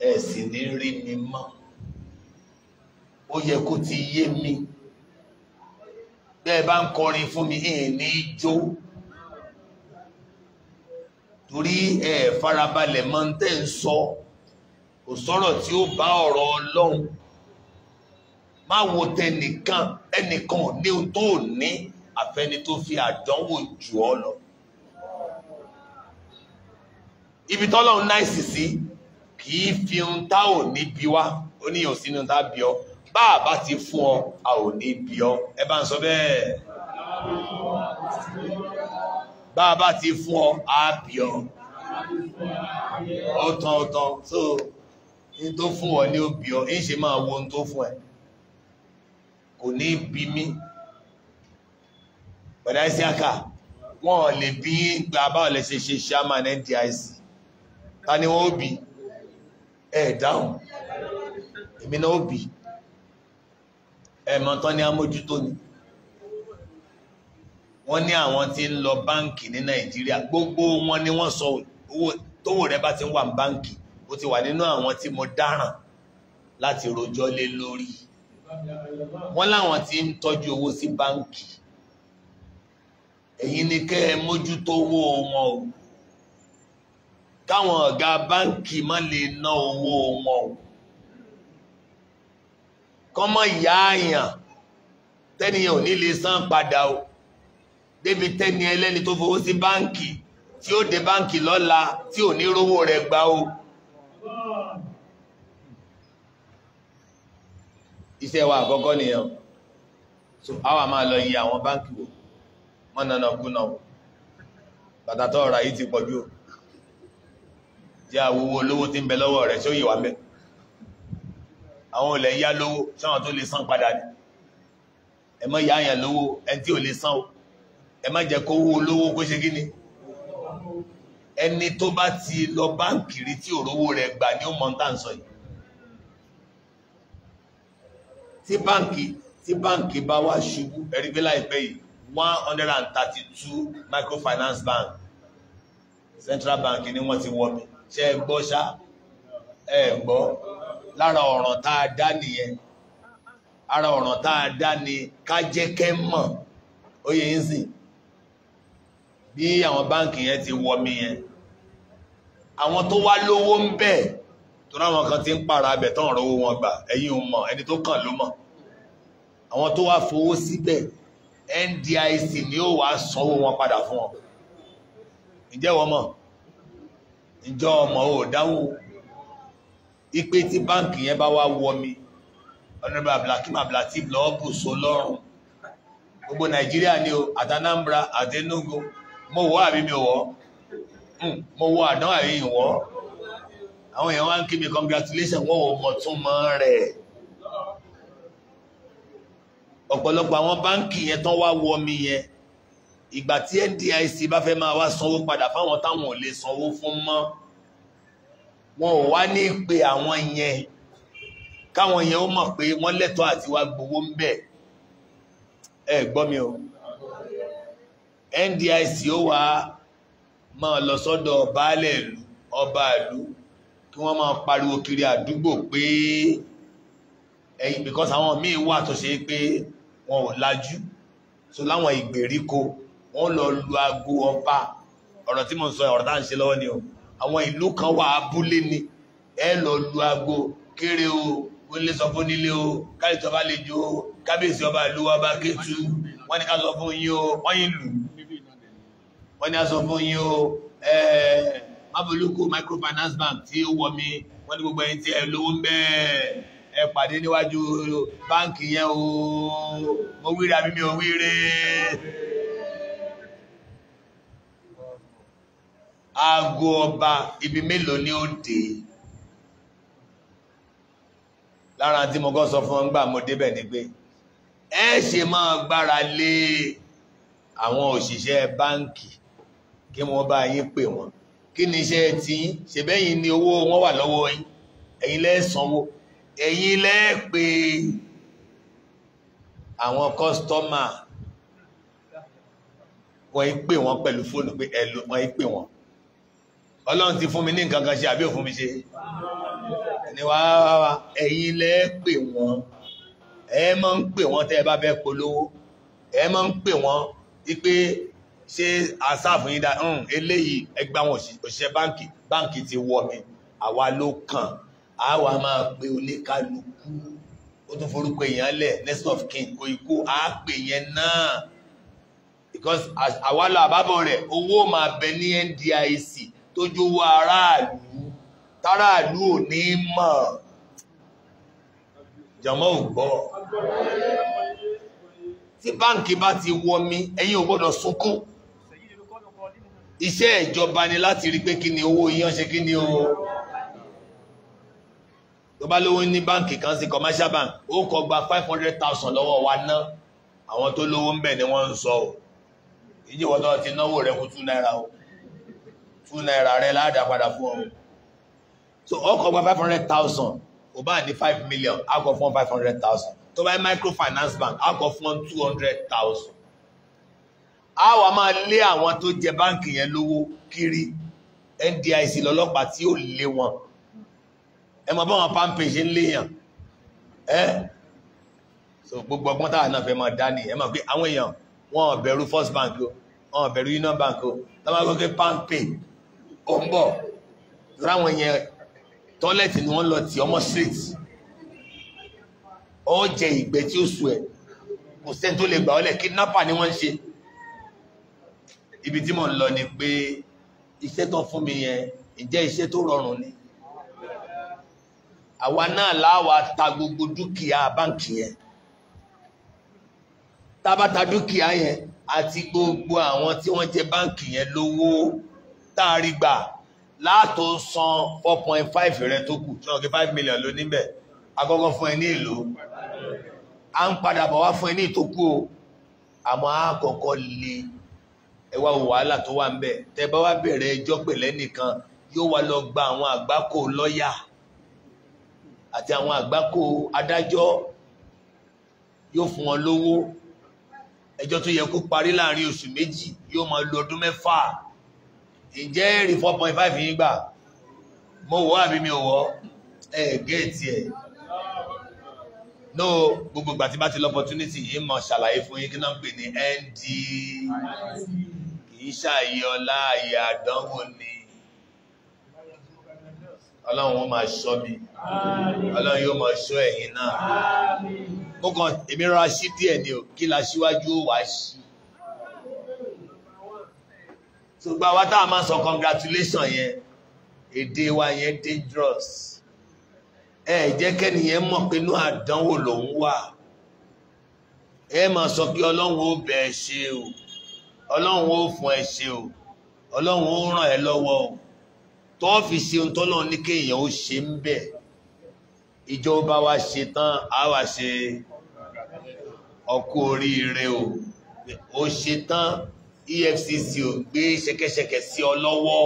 ẹ sì ní rí mi mọ́ ó yẹ kó ti yé mi bẹ́ẹ̀ bá ń kọrin fún mi ẹ̀ ní jó torí ẹ farabalẹ̀ mọ́ ń tẹ́ ń sọ kò sọ̀rọ̀ tí ó bá ọ̀rọ̀ Ọlọ́run má wo tẹnìkan ẹnìkan ní ohun tó ní àfẹni tó fi àdánwò jù ọ lọ ibi tọ́lọ́run náìsì sí kì í fi ohun tá ò ní bí wá ó ní òsì ní ohun tá bí ọ bá a bá ti fún ọ a ò ní bí ọ ẹ bá ń sọ bẹ́ẹ̀ bá a bá ti fún ọ a bí ọ ọ̀tàn ọ̀tàn tó ní tó fún ọ ní ó bí ọ ń ṣe máa wo ohun tó fún ẹ kò ní bí mí pẹ̀lú àìsíákà wọn ò lè bí gbà bá ò lè ṣe ṣe ṣáàmà ní ndic ta ni wọ́n ó bí ẹ̀ dáhùn èmi náà ó bí tán ni amójútó ni wọ́n ní àwọn tí ń lọ báǹkì ní nàìjíríà gbogbo wọn ni wọ́n sọ owó tówó rẹ bá ti ń wà ní báǹkì ó ti wà nínú àwọn tí mo dáràn láti rojọ́ lé lórí wọ́n láwọn tí ń tọ́jú owó sí báǹkì èyí ni kẹ́ ẹ mójútó owó wọn o káwọn ọ̀gá báǹkì má lè ná owó wọn o kọ́mọ ìyá àyàn tẹ́niyàn ò ní lè san padà o débi tẹ́ni ẹlẹ́ni tó fowó sí báǹkì tí ó dé báǹkì lọ́la tí ò ní rówó rẹ̀ gbà o iṣẹ́ wa àkọ́kọ́ nìyẹn so àwa máa lọ yí àwọn báǹkì wò mọ́nà náà kú náà bàtà tó ọ̀rọ̀ yìí ti pọ̀jù o jẹ́ àwòwò olówó tí ń bẹ lọ́wọ́ rẹ̀ tí ó yìí wà mẹ́ àwọn olè yá lówó sáwọn tó lè san padà ní ẹ má yá àyàn lówó ẹ tí ò lè san o ẹ má jẹ́ kó owó olówó kó ṣe kíni ẹni tó bá ti lọ báǹkì rí tí òrówó rẹ̀ gbà ní ó mọ ń tàn sọ yìí tí báǹkì tí báǹkì bá wá ṣubú ẹ̀rí láìpẹ́ yìí one hundred and thirty two microfinance bank central bank ni wọ́n ti wọ́ mi ṣe ẹ gbọ́ ṣá ẹ gbọ́ lára ọ̀ràn tá a dá nìyẹn ara ọ̀ràn tá a dá ni ká jẹ́ kẹ́ mọ̀ ó yẹ ń sìn bí àwọn báǹkì yẹn ti wọ mi yẹn àwọn tó wá lówó ń bẹ̀ tó ráwọn kan ti ń para abẹ̀ tán ọ̀rọ̀ owó wọn gbà ẹ̀yin ò mọ̀ ẹni tó kàn ló mọ̀ àwọn tó wá fowó síbẹ̀ NDIC ni ó wàá sanwó wọn padà fún wọn ǹjẹ́ wọ́n mọ̀ ìjọ ọmọ ò dáwó ipe tí báǹkì yẹn bá wá wọ mi ọ̀nàbà blakima blati blọ́ọ̀bù so lọ́rùn gbogbo nàìjíríà ni o àtànàmbra àtẹnugu mo wọ́ àbí mi wọ́ hmm, mo wọ́ àdán àrí ìwọ́ àwọn èèyàn wá ń kí mi congratulation wọ́n ò mọ̀ tún mọ́ rẹ̀ ọ̀pọ̀lọpọ̀ àwọn báǹkì yẹn tán wá wọ mi yẹn ìgbà tí NDIC bá fẹ́ máa wá sanwó padà fáwọn táwọn ò lè sanwó fún mọ́ wọn ò wá ní pé àwọn yẹn káwọn yẹn ó mọ̀ pé wọ́n lẹ́tọ̀ọ́ àti wá gbowó ń bẹ̀ ẹ gbọ́ mi o NDIC ó wá máa lọ sọ́dọ̀ baálẹ̀ ìlú ọba ìlú kí wọ́n máa pariwo kiri àdúgbò pé ẹ̀yìn because àwọn míì wà tó ṣe pé wọn ò lajú so láwọn ìgbèríko wọ́n lọ lu aago ọba ọ̀rọ̀ tí mo sọ ọ̀rọ̀ tá à ń ṣe lọ́wọ́ ni o àwọn ìlú kan wà abúlé ni ẹ lọ lu aago kéré o ó lè sọ fún nílé o káyọ̀tì ọba lè jó o kábíyèsí ọba ìlú ọba kẹtù wọ́n ní ká sọ fún yín o wọ́n yín lù wọ́n ní ká sọ fún yín o mabuluku microfinance bank tí ó wọ mi wọ́n ní gbogbo ẹ̀yin tí ẹ lówó ń bẹ́ẹ̀ ẹ pàdé níwájú báǹkì yẹn o mo wíra mi mi ò wíre. aago ọba ibi mélòó ni ó dé lára tí mo kọ́ sọ fún ọgbà mo débẹ̀ ni pé ẹ ṣe máa gbára lé àwọn òṣìṣẹ́ báǹkì kí wọ́n bá yín pè wọ́n kí ni iṣẹ́ tí ṣe bẹ́yìn ni owó wọn wà lọ́wọ́ yín ẹ̀yin lẹ́ ẹ̀yin lẹ́ àwọn kọ́sítọ́mà wọ́n pè wọ́n pẹ̀lú fóònù pé ẹ̀lú wọ́n pè wọ́n ọlọ́run ti fún mi ní nǹkan kan ṣe àbí òfún mi ṣe ni wá wá ẹ̀yin lẹ́ pè wọ́n ẹ máa ń pè wọ́n tẹ́ ẹ bá fẹ́ polówó ẹ máa ń pè wọ́n wípé ṣé àṣàfù yín dá eléyìí ẹgbẹ́ àwọn òṣìṣẹ́ báǹkì báǹkì ti wọ̀ mí àwa ló kàn àwa máa pe oníkálukú ó tún forúkọ èèyàn lẹ̀ next of kin kò ikú á pè yẹn náà because àwa lọ àbábọ̀ rẹ̀ owó máa bẹ ní NDIC tó jówó aráàlú táráàlú ò ní mọ̀ jọmọ́ ò gbọ́ tí báǹkì bá ti wọmi ẹ̀yin ò gbọ́dọ̀ sunkún iṣẹ́ ìjọba ni láti rí pé kí ni owó yíyan ṣe kí ni o tó bá lówó ní báǹkì kan sí commercial bank ó kọ gba five hundred thousand lọ́wọ́ wa ná àwọn tó lówó ń bẹ̀ ni wọ́n ń sọ o ìjìwọ́tọ̀ ti náwó rẹ̀ kú two náírà o two naira rẹ láàdá padà fún ọ so ọkọ̀ gba five hundred thousand kò bá ní five million a kọ fún five hundred thousand tó bá microfinance bank a kọ fún two hundred thousand a wà máa lé àwọn tó jẹ báǹkì yẹn lówó kiri NDIC lọ́lọ́pàá tí ó lé wọn ẹ mọ̀ báwọn pampe ṣe ń léèyàn ẹ́ so gbogbo ọgbọ́n táà náà fẹ́ máa dání ẹ mọ̀ pé àwọn èèyàn wọn ò First Bank o wọn ò Union Bank o táwọn akọ́kẹ́ pampe ó ń bọ̀ ráwọn yẹn tọ́lẹ̀tì ni wọ́n lọ tì ọmọ street ó jẹ ìgbẹ́ tí ó sù ẹ̀ kò sẹ́ni tó lè gbà ọ́lẹ̀ kidnapper ni wọ́n ń ṣe ibi tí mò ń lọ ni pé iṣẹ́ tó fún mi yẹn ǹjẹ́ iṣẹ́ tó rọrùn ni àwa náà láwa ta gbogbo dúkìá báǹkì yẹn tábàtà dúkìá yẹn àti gbogbo àwọn tí wọ́n jẹ báǹkì yẹn lówó tá a rí gbà látò san 4.5 rẹ tó kù ṣọ́nà kí 5 million ló níbẹ̀ agọ́gọ́ fún ẹ ní èlò a ń padà bọ̀ wá fún ẹ ní ìtókù o àmọ́ a kọ́kọ́ lè ẹwà wàhálà tó wà ń bẹ̀ tẹ bá wá bẹ̀rẹ̀ ẹjọ́ pẹ̀lẹ́ nìkan yóò wá lọ gba àwọn àgbákò lọ́yà àti àwọn àgbákò adájọ́ yóò fún wọn lówó ẹjọ́ tó yẹ kó parí láàrin oṣù méjì yóò máa lo ọdún mẹ́fà ìjẹ́ èrì 4.5 yìí gbà mo wọ́ àbí mi ò wọ́ ẹ̀ géètì ẹ̀ no gbogbo ìgbà tí bá ti lọ opportunity yìí mọ̀ ṣàlàyé fún yín kí náà ń pè ní nd kìí ṣàyè ọlá àyè àdánwò ni ọlọ́run ó máa ṣọ́ mi ọlọ́run yóò máa ṣọ́ ẹ̀yin náà mo kàn èmi rọra ṣí díẹ̀ ni ò kí la síwájú wá ṣí ṣùgbọ́n àwa tá a máa sọ congratulation yẹn èdè wa yẹn dangerous ẹ jẹ́ kẹ́niyẹn mọ̀ pé inú àdánwò lòun wà ẹ máa sọ pé ọlọ́run ó bẹ̀ ẹ́ ṣe o ọlọ́run ó fún ẹ ṣe o ọlọ́run ó ràn ẹ́ lọ́wọ́ o tó fi ṣe ohun tó lọ́run ní kéèyàn ó ṣe ń bẹ̀ ìjọba wa ṣe tán á wá ṣe ọkú oríire o ó ṣe tán. EFCC ò gbé ṣẹ̀kẹ̀ṣẹ̀kẹ̀ sí ọ lọ́wọ́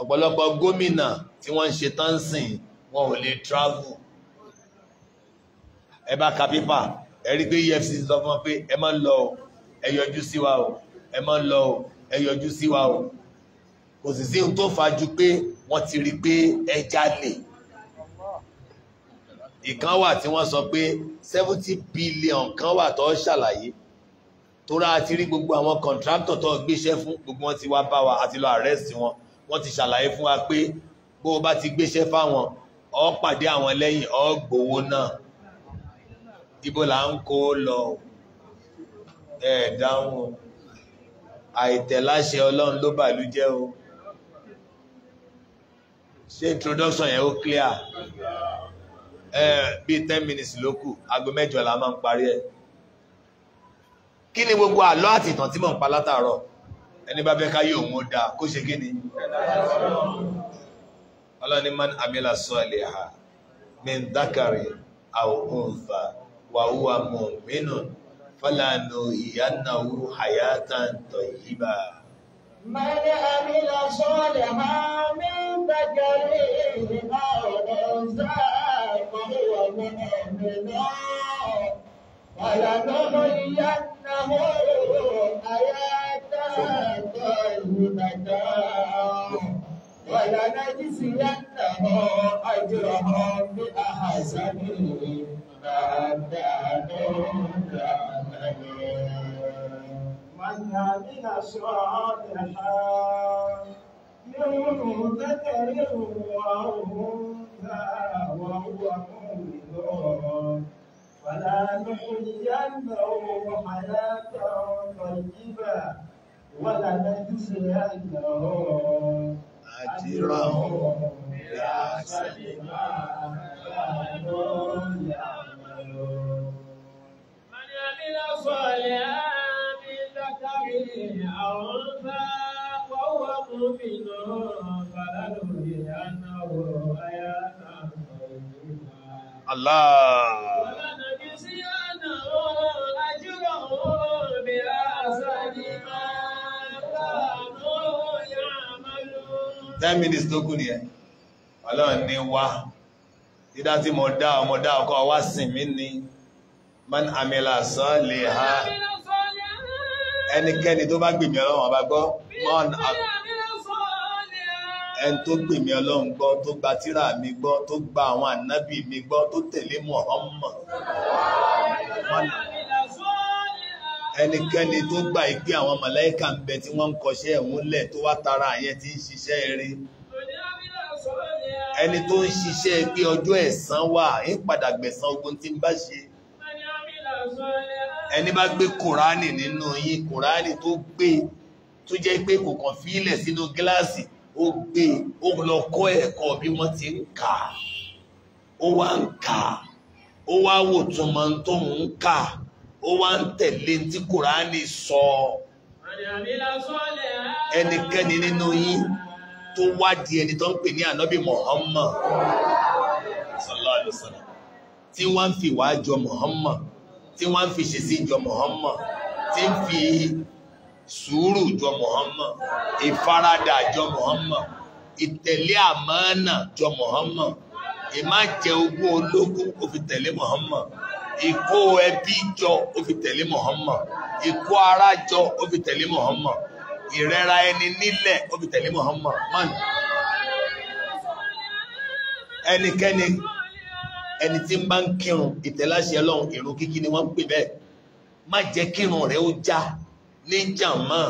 ọ̀pọ̀lọpọ̀ gómìnà tí wọ́n ń ṣe tánsìn wọn ò lè travel ẹ bá ka pépà ẹ rí pé EFCC sọ fún wọn pé ẹ má lọ ẹ yọjú sí wa o ẹ má lọ o ẹ yọjú sí wa o kò sì sí ohun tó fa ju pé wọ́n ti rí pé ẹ jalè ìkan wà tí wọ́n sọ pé seventy billion kan wà tó ṣàlàyé Tora àti rí gbogbo àwọn kọ̀ǹtráktọ̀ tó gbéṣẹ́ fún gbogbo wọn ti wá bá wa àti lọ àrẹ́sì wọn wọ́n ti ṣàlàyé fún wa pé bó o bá ti gbéṣẹ́ fáwọn ọ pàdé àwọn lẹ́yìn ọ gbowó náà ibo là ń kó lọ ẹ dáhùn àìtẹ̀láṣẹ ọlọ́run ló bàlú jẹ́ o ṣé introduction yẹn ó clear ẹ bíi ten minutes ló kù aago mẹ́jọ la máa ń parí ẹ̀ kí ni gbogbo àlọ́ àti ìtàn tí mò ń pa látàárọ̀ ẹni bá fẹ́ káyé òun ó kó ṣe kí ni ọlọ́ni man amila saliha min dhakari aw untha wa huwa mu'minun falanuhyiyannahu hayatan tayyiba. من عمل صالحا من ذكر أو أنثى فهو مؤمن فلنحيينه ولنجزينهم أجرهم بأحسن ما كانوا يعملون من عمل صالحا من ذكر وأنثى وهو مؤمن فلا نحيينهم حياة طيبة ولنجزينهم أجرهم بأحسن ما كانوا يعملون من عمل صالحا من ذكر وهو مؤمن فلنحيينه حياة طيبة الله 10 minutes tó kù nìyẹn ọlọ́run ní wá dídá tí mo dá ọmọ dá ọkọ wá sìn mí ni man amila salihan ẹnikẹ́ni tó bá gbèmí ọlọ́run ọba gbọ́ man ẹni tó gbèmí ọlọ́run gbọ́ tó gba tírà mi gbọ́ tó gba àwọn ànábì mi gbọ́ tó tẹ̀lé Muhammad ẹnikẹ́ni tó gbà ìpé àwọn màláíkà ń bẹ tí wọ́n ń kọṣẹ́ ẹ̀hún lẹ̀ tó wá tara àyẹn tí ń ṣiṣẹ́ rí ẹni tó ń ṣiṣẹ́ pé ọjọ́ ẹ̀san wà ń padà gbẹ̀san ogun tí ń bá ṣe ẹni bá gbé kùránì nínú yín kùránì tó gbé tó jẹ́ pé kò kàn fílẹ̀ sínú gíláàsì ó gbé ó lọ kọ́ ẹ̀kọ́ bí wọ́n ti ń kà ó wá ń kà ó wá wò túnmọ̀ tóun ń kà ó wá ń tẹ̀lé tí kùránì sọ ẹnikẹ́ni nínú yín tó wádìí ẹni tó ń pè ní ànábì Muhammad sallallahu alaihi wasallam tí wọ́n ń fi wá jọ Muhammad tí wọ́n ń fi ṣe sí jọ Muhammad tí ń fi sùúrù jọ Muhammad ìfaradà jọ Muhammad ìtẹ̀lé àmánà jọ Muhammad ìmájẹ ogún ológun kò fi tẹ̀lé Muhammad ìkó ẹbí jọ ó fi tẹ̀lé Muhammad ìkó ara jọ ó fi tẹ̀lé Muhammad ìrẹ́ra ẹni nílẹ̀ ó fi tẹ̀lé Muhammad man ẹnikẹ́ni ẹni tí ń bá ń kírun ìtẹ̀láṣẹ Ọlọ́run ìrun kíkí ni wọ́n ń pè bẹ́ẹ̀ má jẹ́ kírun rẹ̀ ó já ní jàmọ́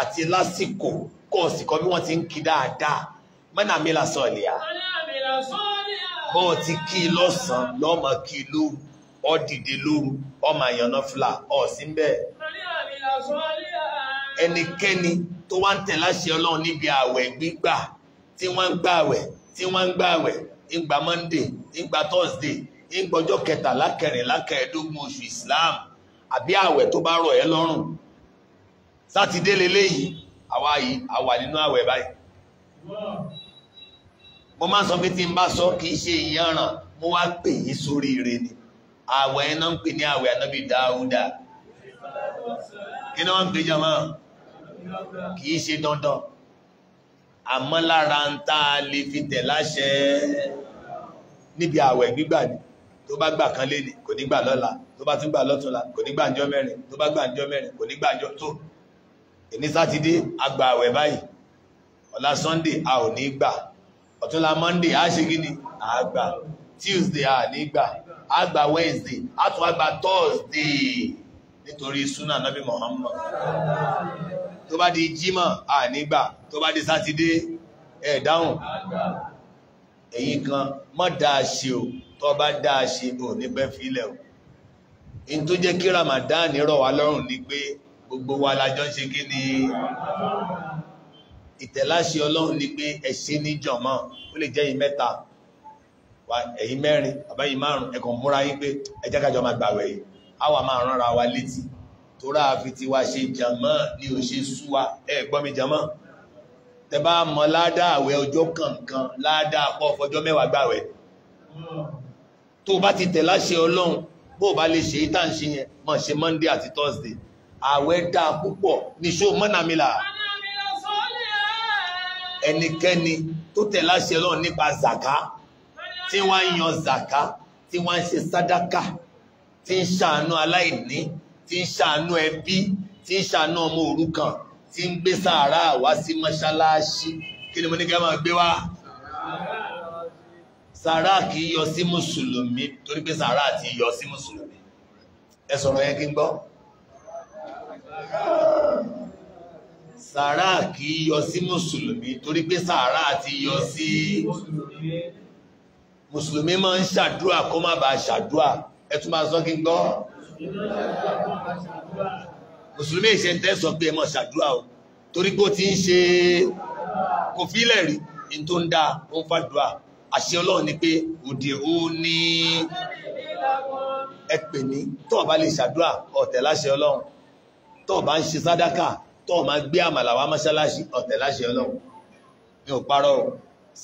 àti lásìkò kọ́ọ̀sì kan bí wọ́n ti ń kí dáadáa mẹ́nà mi là sọ ìlẹ́yà bọ́ọ̀ ti kí lọ́sàn-án lọ́mọ kí lóru ọ dìde lóru ọmọ àyànná fìlà ọ sí ń bẹ́ẹ̀. ẹnikẹ́ni tó wá ń tẹ̀ láṣẹ ọlọ́run níbi ààwẹ̀ gbígbà tí wọ́n ń gbààwẹ̀ tí wọ́n ń gbààwẹ̀ ìgbà monday ìgbà thursday ìgbọ́jọ́ kẹtàlá kẹrìnlá kẹẹ̀ẹ́dógún oṣù islam àbí ààwẹ̀ tó bá rọ̀ ẹ́ lọ́rùn sátidé leléyìí àwa yìí àwa nínú ààwẹ̀ báyìí mo máa ń sọ pé tí n bá sọ kì í ṣe ìyànràn mo wá pè yí sórí ire ni àwẹ̀ iná ń pè ní àwẹ̀ ànábì dáúdà iná ń pè jọmọ́ kìí ṣe dandan àmọ́ lára ń tá a lè fi tẹ̀ láṣẹ níbi àwẹ̀ gbígbà ni tó bá gbà kan léni kò ní gbà lọ́la tó bá tún gbà lọ́túnla kò ní gbà ńjọ́ mẹ́rin tó bá gbà ńjọ́ mẹ́rin kò ní gbà ńjọ́ tó èní sátidé a gba àwẹ̀ báyìí ọ̀la sunday a ò ní gbà ọ̀túnla monday a ṣe gíní a gbà tuesday a ní gbà àgbà wednesday àtún àgbà thursday nítorí sunnah nabi muhammad tó bá di jímọ̀ ànígbà tó bá di sátidé ẹ̀ dáhùn èyí kan mọ́ dáa ṣe o tó bá dáa ṣe o nígbẹ́ fílẹ̀ o in tó jẹ́ kí ramadan rọ̀ wá lọ́rùn ni pé gbogbo wa lájọ ń ṣe kí ni ìtẹ̀láṣẹ ọlọ́run ni pé ẹ̀ṣẹ́ níjọ̀mọ́ ó lè jẹ́ yìí mẹ́ta wa ẹ̀yin mẹ́rin àbẹ́yìn márùn ẹ̀kàn múra yín pé ẹjẹ́ kájọ máa gbàwẹ̀ yìí a wà máa rán ra wa létí tó rà fi ti wá ṣe jàmọ́ ní ò ṣe súwa ẹ gbọ́ mi jàmọ́ tẹ bá mọ ládàá àwẹ̀ ọjọ́ kankan ládàá pọ̀ fọjọ́ mẹ́wàá gbàwẹ̀ tó bá ti tẹ̀ láṣẹ ọlọ́run bó bá lè ṣe ìtàn ṣe yẹn mọ̀ ṣe monday àti thursday àwẹ̀ dáa púpọ̀ níṣó mọ́nàmílà ẹnikẹ́ni tó tẹ̀ láṣẹ ọlọ́run nípa zaka tí wọ́n ń yan zaka tí wọ́n ń ṣe sádàkà tí ń ṣàánú aláìní tí ń ṣàánú ẹbí tí ń ṣàánú ọmọ òrukàn tí ń gbé sàárà wá sí mọ́ṣáláṣí kí ni mo ní kí wọ́n máa gbé wá sàárà kì í yọ sí mùsùlùmí torí pé sàárà ti yọ sí mùsùlùmí ẹ sọ̀rọ̀ yẹn kí n gbọ́ sàárà kì í yọ sí mùsùlùmí torí pé sàárà ti yọ sí mùsùlùmí mùsùlùmí máa ń ṣàdúrà kó má bàa ṣàdúrà ẹ tún máa sọ kí n gbọ́ mùsùlùmí ìṣe ń tẹ́ sọ pé ẹ máa ṣàdúrà o torí pé ó ti ń ṣe kò fílẹ̀ rí ní tó ń dáa ó ń fàdúrà àṣẹ ọlọ́run ni pé òdì ó ní ẹ pè mí tó bá lè ṣàdúrà ọ̀tẹ̀ láṣẹ ọlọ́run tó bá ń ṣe sádákà tó máa gbé àmàlà wá mọ́ṣáláṣí ọ̀tẹ̀ láṣẹ ọlọ́run mi ò parọ́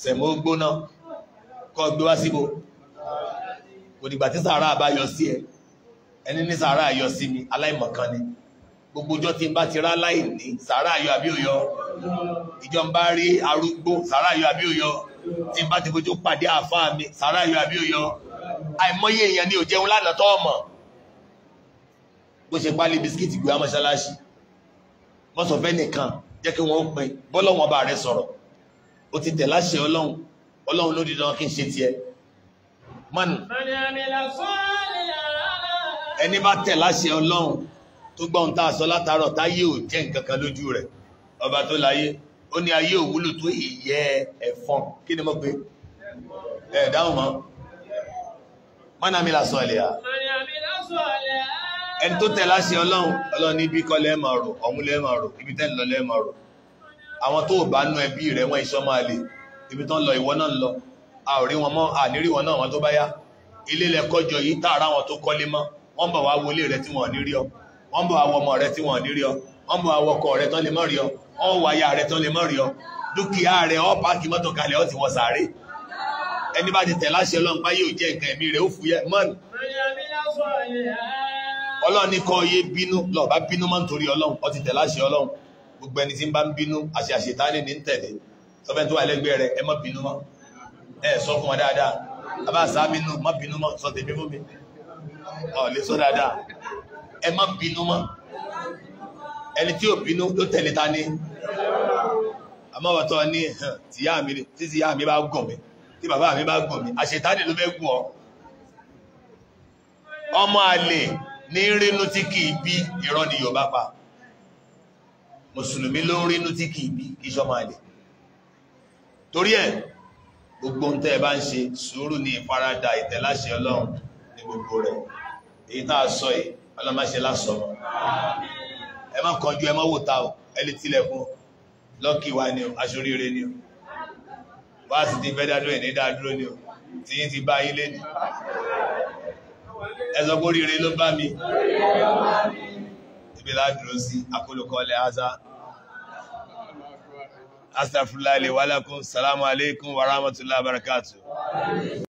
sẹ̀mó gbóná kọ́ gbé wá síbo òdìgbà tí sàárà bá yọ sí ẹ ẹni ní sàárà yọ sí mi aláìmọ̀kan ni gbogbo ọjọ́ tí n bá ti rá láìní sàárà yọ àbí òyọ ìjọ ń bá rí arúgbó sàárà yọ àbí òyọ tí n bá ti fojú pàdé àáfàá mi sàárà yọ àbí òyọ àìmọye èèyàn ni ò jẹun lánàá tó ọmọ bó ṣe pálí bisikíìtì gbé amọ́ṣáláṣí mọ́sọ̀fẹ́ nìkan jẹ́ kí wọ́n pin bọ́lọ́wọ́n bá rẹ sọ̀rọ̀ ó ti tẹ̀ láṣẹ ọlọ́run ọlọ́run ló dídán kí n ṣe tiẹ̀ mọ́nì ẹni bá tẹ̀ láṣẹ ọlọ́run tó gbọ́n tá a sọ látàárọ̀ táyé ò jẹ́ nǹkan kan lójú rẹ̀ ọba tó láyé ó ní ayé ò wúlò tó ìyẹ́ ẹ̀fọn kí ni mo pé ẹ̀ dáhùn mọ́ mọ́nà mi lásọ ẹ̀lẹ́ à ẹni tó tẹ̀ láṣẹ ọlọ́run ọlọ́run níbi kọ́ lẹ́ẹ̀mọ̀ rò ọ̀hún lẹ́ẹ̀mọ̀ rò ibi tẹ́ ń lọ lẹ́ẹ̀mọ̀ rò àwọn tó bá nú ẹbí rẹ̀ wọ́n iṣọ́ máa le ibi tán lọ ìwọ náà lọ a ò rí wọn mọ́ a nírí wọn náà wọn tó bá yá ilé lẹ́kọ́jọ yìí tààrà wọn tó kọ́lé mọ́ wọ́n bọ̀ wá wọlé rẹ tí wọ́n ní rí ọ wọ́n bọ̀ àwọn ọmọ rẹ tí wọ́n ní rí ọ wọ́n bọ̀ àwọn ọkọ rẹ tán lè mọ́ rí ọ wọ́n wọ aya rẹ tán lè mọ́ rí ọ dúkìá rẹ ọ páàkì mọ́tò kalẹ̀ ọ ti wọ sàárè ẹni bá ti tẹ̀ láṣẹ ọlọ́run páyé ò jẹ́ nǹkan ẹ̀mí rẹ̀ ó fúyẹ́ mọ́ni ọlọ́run ní kọ́ yé bínú lọ́ọ̀ bá bínú mọ́ nítorí ọlọ́run ọ ti tẹ̀ láṣẹ ọlọ́run gbogbo ẹni tí ń bá ń bínú àṣẹ àṣetánì ní tẹ̀lé sọfẹ́ tó wà lẹ́gbẹ́ rẹ̀ ẹ má bínú mọ́ ẹ sọ fún wọn dáadáa abá sá bínú má bínú mọ́ sọ tèmi fún mi ọ lè sọ dáadáa ẹ má bínú mọ́ ẹni tí ò bínú ló tẹ̀lé ta ní àmọ́wọ̀tọ́ ní tìyá mi tí tìyá mi bá gùn mi tí bàbá mi bá gùn mi àṣetánì ló fẹ́ gùn ọ ọmọ àlè ní rínú tí kì í bí irọ́ ni Yorùbá pa mùsùlùmí ló ń rínú tí kì í bí kì í ṣọmọ àlè torí ẹ̀ gbogbo ń tẹ́ ẹ bá ń ṣe sùúrù ní ìfaradà ìtẹ̀láṣẹ ọlọ́run ní gbogbo rẹ̀ èyí tá a sọ yìí ọlọ́run má ṣe ẹ má kánjú ẹ má wò ta o ẹ lè tilẹ̀kùn lọ́kì wa ni o aṣoríire ni o wá sì ti fẹ́ dádúró ẹ̀ ní dádúró ni o tí yín ti bá yín lé ni ẹ sọ pé oríire ló bá mi ibi ládùúró sí akólókọ́ ọlẹ́ astaghfirullah li wa lakum salamu alaykum wa rahmatullahi wa barakatuh.